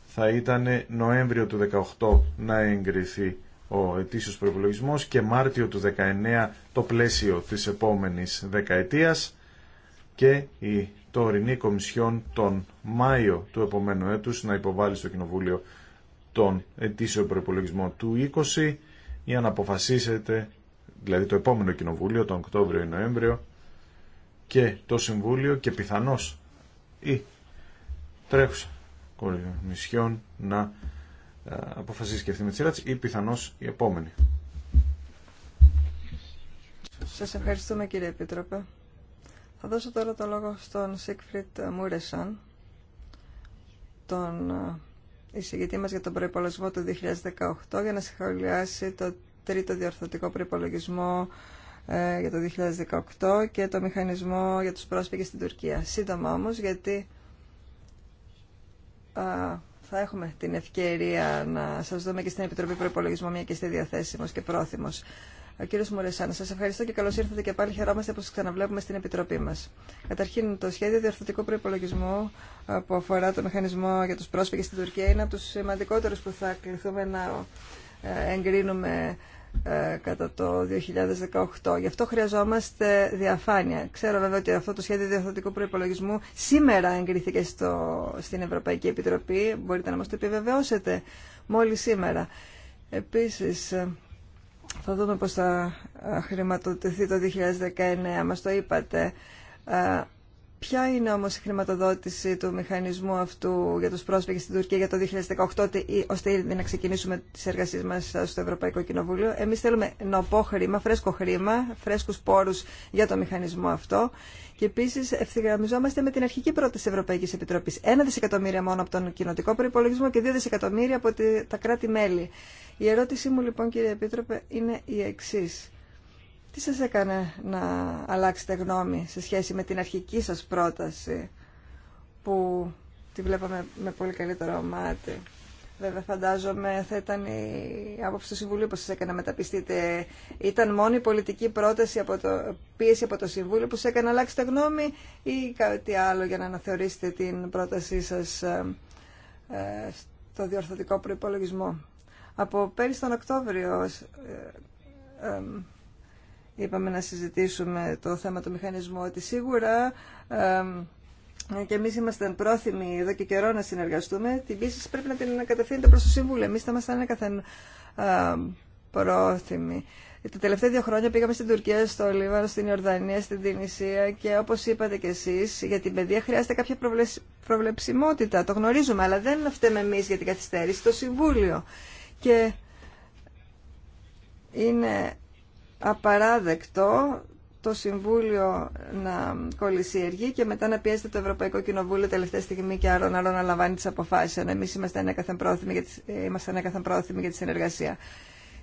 θα ήταν Νοέμβριο του 18 να εγκριθεί ο ετήσιος προϋπολογισμός και Μάρτιο του 19 το πλαίσιο της επόμενης δεκαετίας και η τωρινή Κομισιόν τον Μάιο του επόμενου έτους να υποβάλει στο Κοινοβούλιο τον ετήσιο προπολογισμό του 20 για να αποφασίσετε, δηλαδή το επόμενο Κοινοβούλιο, τον Οκτώβριο ή Νοέμβριο και το Συμβούλιο και πιθανώς ή τρέχουσα Κομισιόν να αποφασίσει και αυτή με τη σειρά της ή πιθανώς η επόμενη. Σας ευχαριστούμε κύριε Επίτροπε. Θα δώσω τώρα το λόγο στον Σίκφριτ Μούρεσαν, τον εισηγητή μας για τον προϋπολογισμό του 2018, για να σχολιάσει το τρίτο διορθωτικό προϋπολογισμό ε, για το 2018 και το μηχανισμό για τους πρόσφυγες στην Τουρκία. Σύντομα όμως, γιατί θα έχουμε την ευκαιρία να σα δούμε και στην Επιτροπή Προπολογισμού, μια και είστε διαθέσιμο και πρόθυμο. Ο κύριο Μουρεσάν, σα ευχαριστώ και καλώ ήρθατε και πάλι. Χαιρόμαστε που σα ξαναβλέπουμε στην Επιτροπή μα. Καταρχήν, το σχέδιο διορθωτικού προπολογισμού ε, που αφορά το μηχανισμό για του πρόσφυγε στην Τουρκία είναι από του σημαντικότερου που θα κληθούμε να ε, εγκρίνουμε ε, κατά το 2018. Γι' αυτό χρειαζόμαστε διαφάνεια. Ξέρω βέβαια ότι αυτό το σχέδιο διορθωτικού προπολογισμού σήμερα εγκρίθηκε στο, στην Ευρωπαϊκή Επιτροπή. Μπορείτε να μας το επιβεβαιώσετε μόλις σήμερα. Επίσης, ε, θα δούμε πώς θα ε, χρηματοδοτηθεί το 2019. Μας το είπατε. Ποια είναι όμως η χρηματοδότηση του μηχανισμού αυτού για τους πρόσφυγες στην Τουρκία για το 2018 ώστε ήδη να ξεκινήσουμε τις εργασίες μας στο Ευρωπαϊκό Κοινοβούλιο. Εμείς θέλουμε νοπό χρήμα, φρέσκο χρήμα, φρέσκους πόρους για το μηχανισμό αυτό και επίσης ευθυγραμμιζόμαστε με την αρχική πρόταση Ευρωπαϊκής Επιτροπής. Ένα δισεκατομμύρια μόνο από τον κοινοτικό προϋπολογισμό και δύο δισεκατομμύρια από τα κράτη-μέλη. Η ερώτησή μου λοιπόν κύριε Επίτροπε είναι η εξή. Τι σας έκανε να αλλάξετε γνώμη σε σχέση με την αρχική σας πρόταση που τη βλέπαμε με πολύ καλύτερο μάτι. Βέβαια φαντάζομαι θα ήταν η άποψη του Συμβουλίου που σας έκανε να μεταπιστείτε. Ήταν μόνο η πολιτική πρόταση από το, πίεση από το Συμβούλιο που σας έκανε να αλλάξετε γνώμη ή κάτι άλλο για να αναθεωρήσετε την πρότασή σας ε, ε, στο διορθωτικό προϋπολογισμό. Από πέρυσι τον Οκτώβριο ε, είπαμε να συζητήσουμε το θέμα του μηχανισμού, ότι σίγουρα ε, και εμεί ήμασταν πρόθυμοι εδώ και καιρό να συνεργαστούμε. Την πίστη πρέπει να την κατευθύνετε προ το Συμβούλιο. Εμεί θα ήμασταν καθεν πρόθυμοι. Τα τελευταία δύο χρόνια πήγαμε στην Τουρκία, στο Λίβανο, στην Ιορδανία, στην Τινησία και όπω είπατε κι εσεί, για την παιδεία χρειάζεται κάποια προβλεψιμότητα. Το γνωρίζουμε, αλλά δεν φταίμε εμεί για την καθυστέρηση, το Συμβούλιο. Και είναι απαράδεκτο το Συμβούλιο να κολλησιεργεί και μετά να πιέζεται το Ευρωπαϊκό Κοινοβούλιο τελευταία στιγμή και άρον άρον να λαμβάνει τις αποφάσεις ενώ εμείς είμαστε ανέκαθεν πρόθυμοι για, τη... Ε, για τη συνεργασία.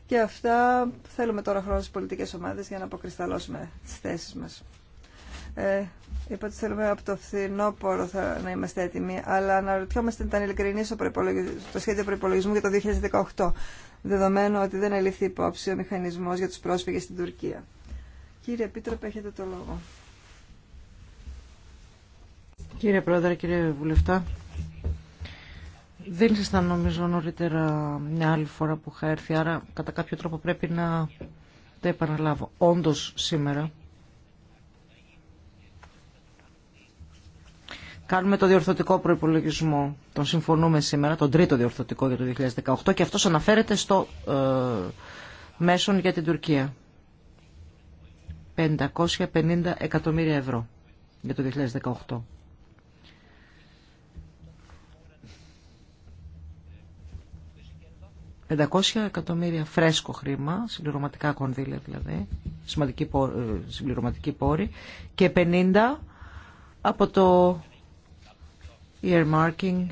Και αυτά θέλουμε τώρα χρόνο στις πολιτικές ομάδες για να αποκρισταλώσουμε τις θέσεις μας. Ε, είπα ότι θέλουμε από το φθινόπωρο θα, να είμαστε έτοιμοι, αλλά αναρωτιόμαστε αν ήταν ειλικρινή το σχέδιο προπολογισμού για το 2018 δεδομένου ότι δεν ελειφθεί υπόψη ο μηχανισμός για τους πρόσφυγες στην Τουρκία. Κύριε Επίτροπε, έχετε το λόγο. Κύριε Πρόεδρε, κύριε Βουλευτά, δεν ήσασταν νομίζω νωρίτερα μια άλλη φορά που είχα έρθει, άρα κατά κάποιο τρόπο πρέπει να τα επαναλάβω. Όντως σήμερα Κάνουμε το διορθωτικό προπολογισμό. Τον συμφωνούμε σήμερα, τον τρίτο διορθωτικό για το 2018 και αυτό αναφέρεται στο ε, μέσον για την Τουρκία. 550 εκατομμύρια ευρώ για το 2018. ...500 εκατομμύρια φρέσκο χρήμα, συμπληρωματικά κονδύλια δηλαδή, ε, συμπληρωματική πόρη... ...και 50 από το earmarking,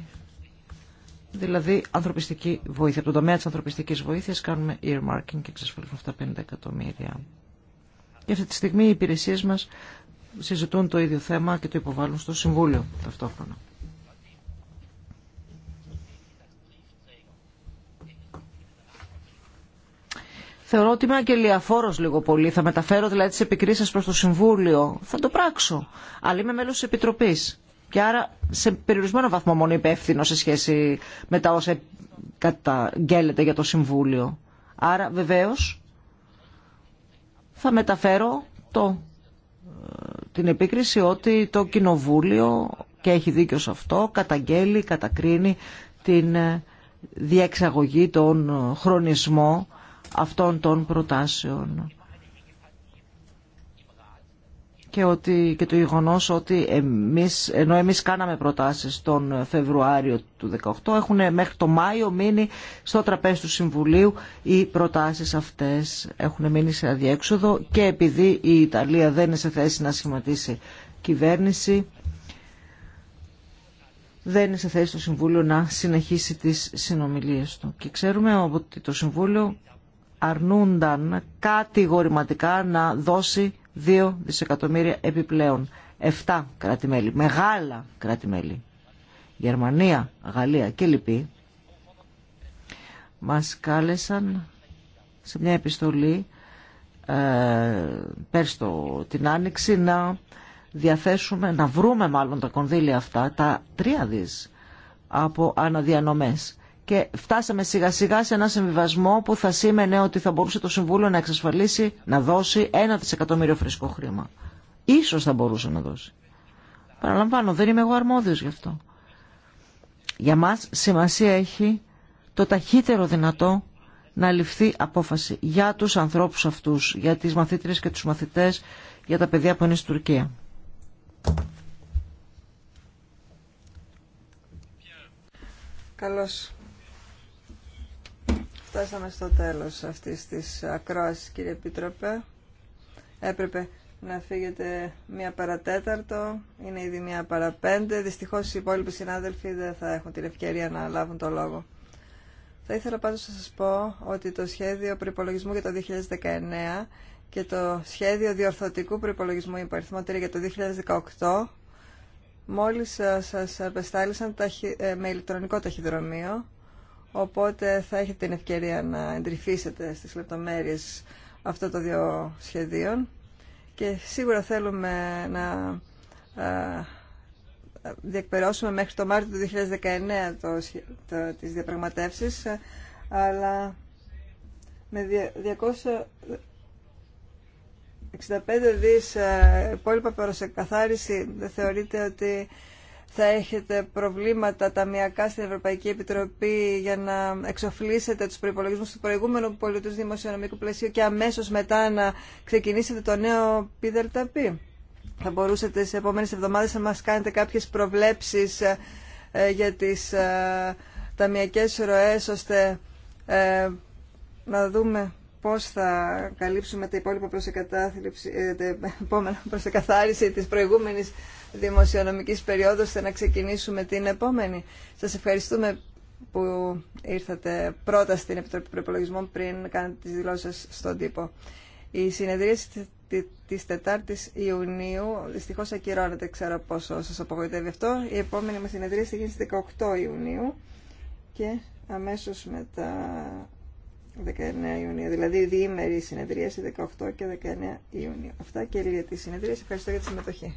δηλαδή ανθρωπιστική βοήθεια. Από τον τομέα της ανθρωπιστικής βοήθειας κάνουμε earmarking και εξασφαλίζουμε αυτά τα 50 εκατομμύρια. Και αυτή τη στιγμή οι υπηρεσίες μας συζητούν το ίδιο θέμα και το υποβάλλουν στο Συμβούλιο ταυτόχρονα. Θεωρώ ότι είμαι αγγελιαφόρο λίγο πολύ. Θα μεταφέρω δηλαδή τι επικρίσει προ το Συμβούλιο. Θα το πράξω. Αλλά είμαι μέλο τη Επιτροπή και άρα σε περιορισμένο βαθμό μόνο υπεύθυνο σε σχέση με τα όσα καταγγέλλεται για το Συμβούλιο. Άρα βεβαίως θα μεταφέρω το, ε, την επίκριση ότι το Κοινοβούλιο και έχει δίκιο σε αυτό, καταγγέλει, κατακρίνει την ε, διεξαγωγή, τον ε, χρονισμό αυτών των προτάσεων και, ότι, και το γεγονό ότι εμείς, ενώ εμείς κάναμε προτάσεις τον Φεβρουάριο του 2018 έχουν μέχρι το Μάιο μείνει στο τραπέζι του Συμβουλίου οι προτάσεις αυτές έχουν μείνει σε αδιέξοδο και επειδή η Ιταλία δεν είναι σε θέση να σχηματίσει κυβέρνηση δεν είναι σε θέση το Συμβούλιο να συνεχίσει τις συνομιλίες του. Και ξέρουμε ότι το Συμβούλιο αρνούνταν κατηγορηματικά να δώσει 2 δισεκατομμύρια επιπλέον. 7 κράτη-μέλη, μεγάλα κράτη-μέλη, Γερμανία, Γαλλία και λοιποί, μας κάλεσαν σε μια επιστολή ε, πέρσι την Άνοιξη να διαθέσουμε, να βρούμε μάλλον τα κονδύλια αυτά, τα τρία δις από αναδιανομές και φτάσαμε σιγά σιγά σε ένα συμβιβασμό που θα σήμαινε ότι θα μπορούσε το Συμβούλιο να εξασφαλίσει να δώσει ένα δισεκατομμύριο φρέσκο χρήμα. Ίσως θα μπορούσε να δώσει. Παραλαμβάνω, δεν είμαι εγώ αρμόδιος γι' αυτό. Για μας σημασία έχει το ταχύτερο δυνατό να ληφθεί απόφαση για τους ανθρώπους αυτούς, για τις μαθήτρες και τους μαθητές, για τα παιδιά που είναι στην Τουρκία. Καλώς. Φτάσαμε στο τέλος αυτής της ακρόασης, κύριε Επίτροπε. Έπρεπε να φύγετε μία παρατέταρτο, είναι ήδη μία παραπέντε. Δυστυχώς οι υπόλοιποι συνάδελφοι δεν θα έχουν την ευκαιρία να λάβουν το λόγο. Θα ήθελα πάντως να σας πω ότι το σχέδιο προπολογισμού για το 2019 και το σχέδιο διορθωτικού προπολογισμού υπαριθμό 3 για το 2018 μόλις ε, σας απεστάλησαν ε, με ηλεκτρονικό ταχυδρομείο οπότε θα έχετε την ευκαιρία να εντρυφήσετε στις λεπτομέρειες αυτών των δύο σχεδίων και σίγουρα θέλουμε να ε, διεκπαιρώσουμε μέχρι το Μάρτιο του 2019 το, το, τις διαπραγματεύσεις ε, αλλά με 265 δις ε, υπόλοιπα προς εκαθάριση δεν θεωρείται ότι θα έχετε προβλήματα ταμιακά στην Ευρωπαϊκή Επιτροπή για να εξοφλήσετε τους προϋπολογισμούς του προηγούμενου πολιτού δημοσιονομικού πλαισίου και αμέσως μετά να ξεκινήσετε το νέο ΠΔΠ. Θα μπορούσατε σε επόμενες εβδομάδες να μας κάνετε κάποιες προβλέψεις ε, για τις ε, ταμιακές ροές ώστε ε, να δούμε πώς θα καλύψουμε τα υπόλοιπα προσεκαθάριση επόμενη της προηγούμενης δημοσιονομικής περίοδου ώστε να ξεκινήσουμε την επόμενη. Σας ευχαριστούμε που ήρθατε πρώτα στην Επιτροπή Προπολογισμών πριν κάνετε τις δηλώσεις στον τύπο. Η συνεδρίαση της 4ης Ιουνίου δυστυχώς ακυρώνεται, ξέρω πόσο σας απογοητεύει αυτό. Η επόμενη μας συνεδρία θα γίνει στις 18 Ιουνίου και αμέσως μετά 19 Ιουνίου, δηλαδή διήμερη συνεδρίαση 18 και 19 Ιουνίου. Αυτά και λίγα τη συνεδρίαση. Ευχαριστώ για τη συμμετοχή.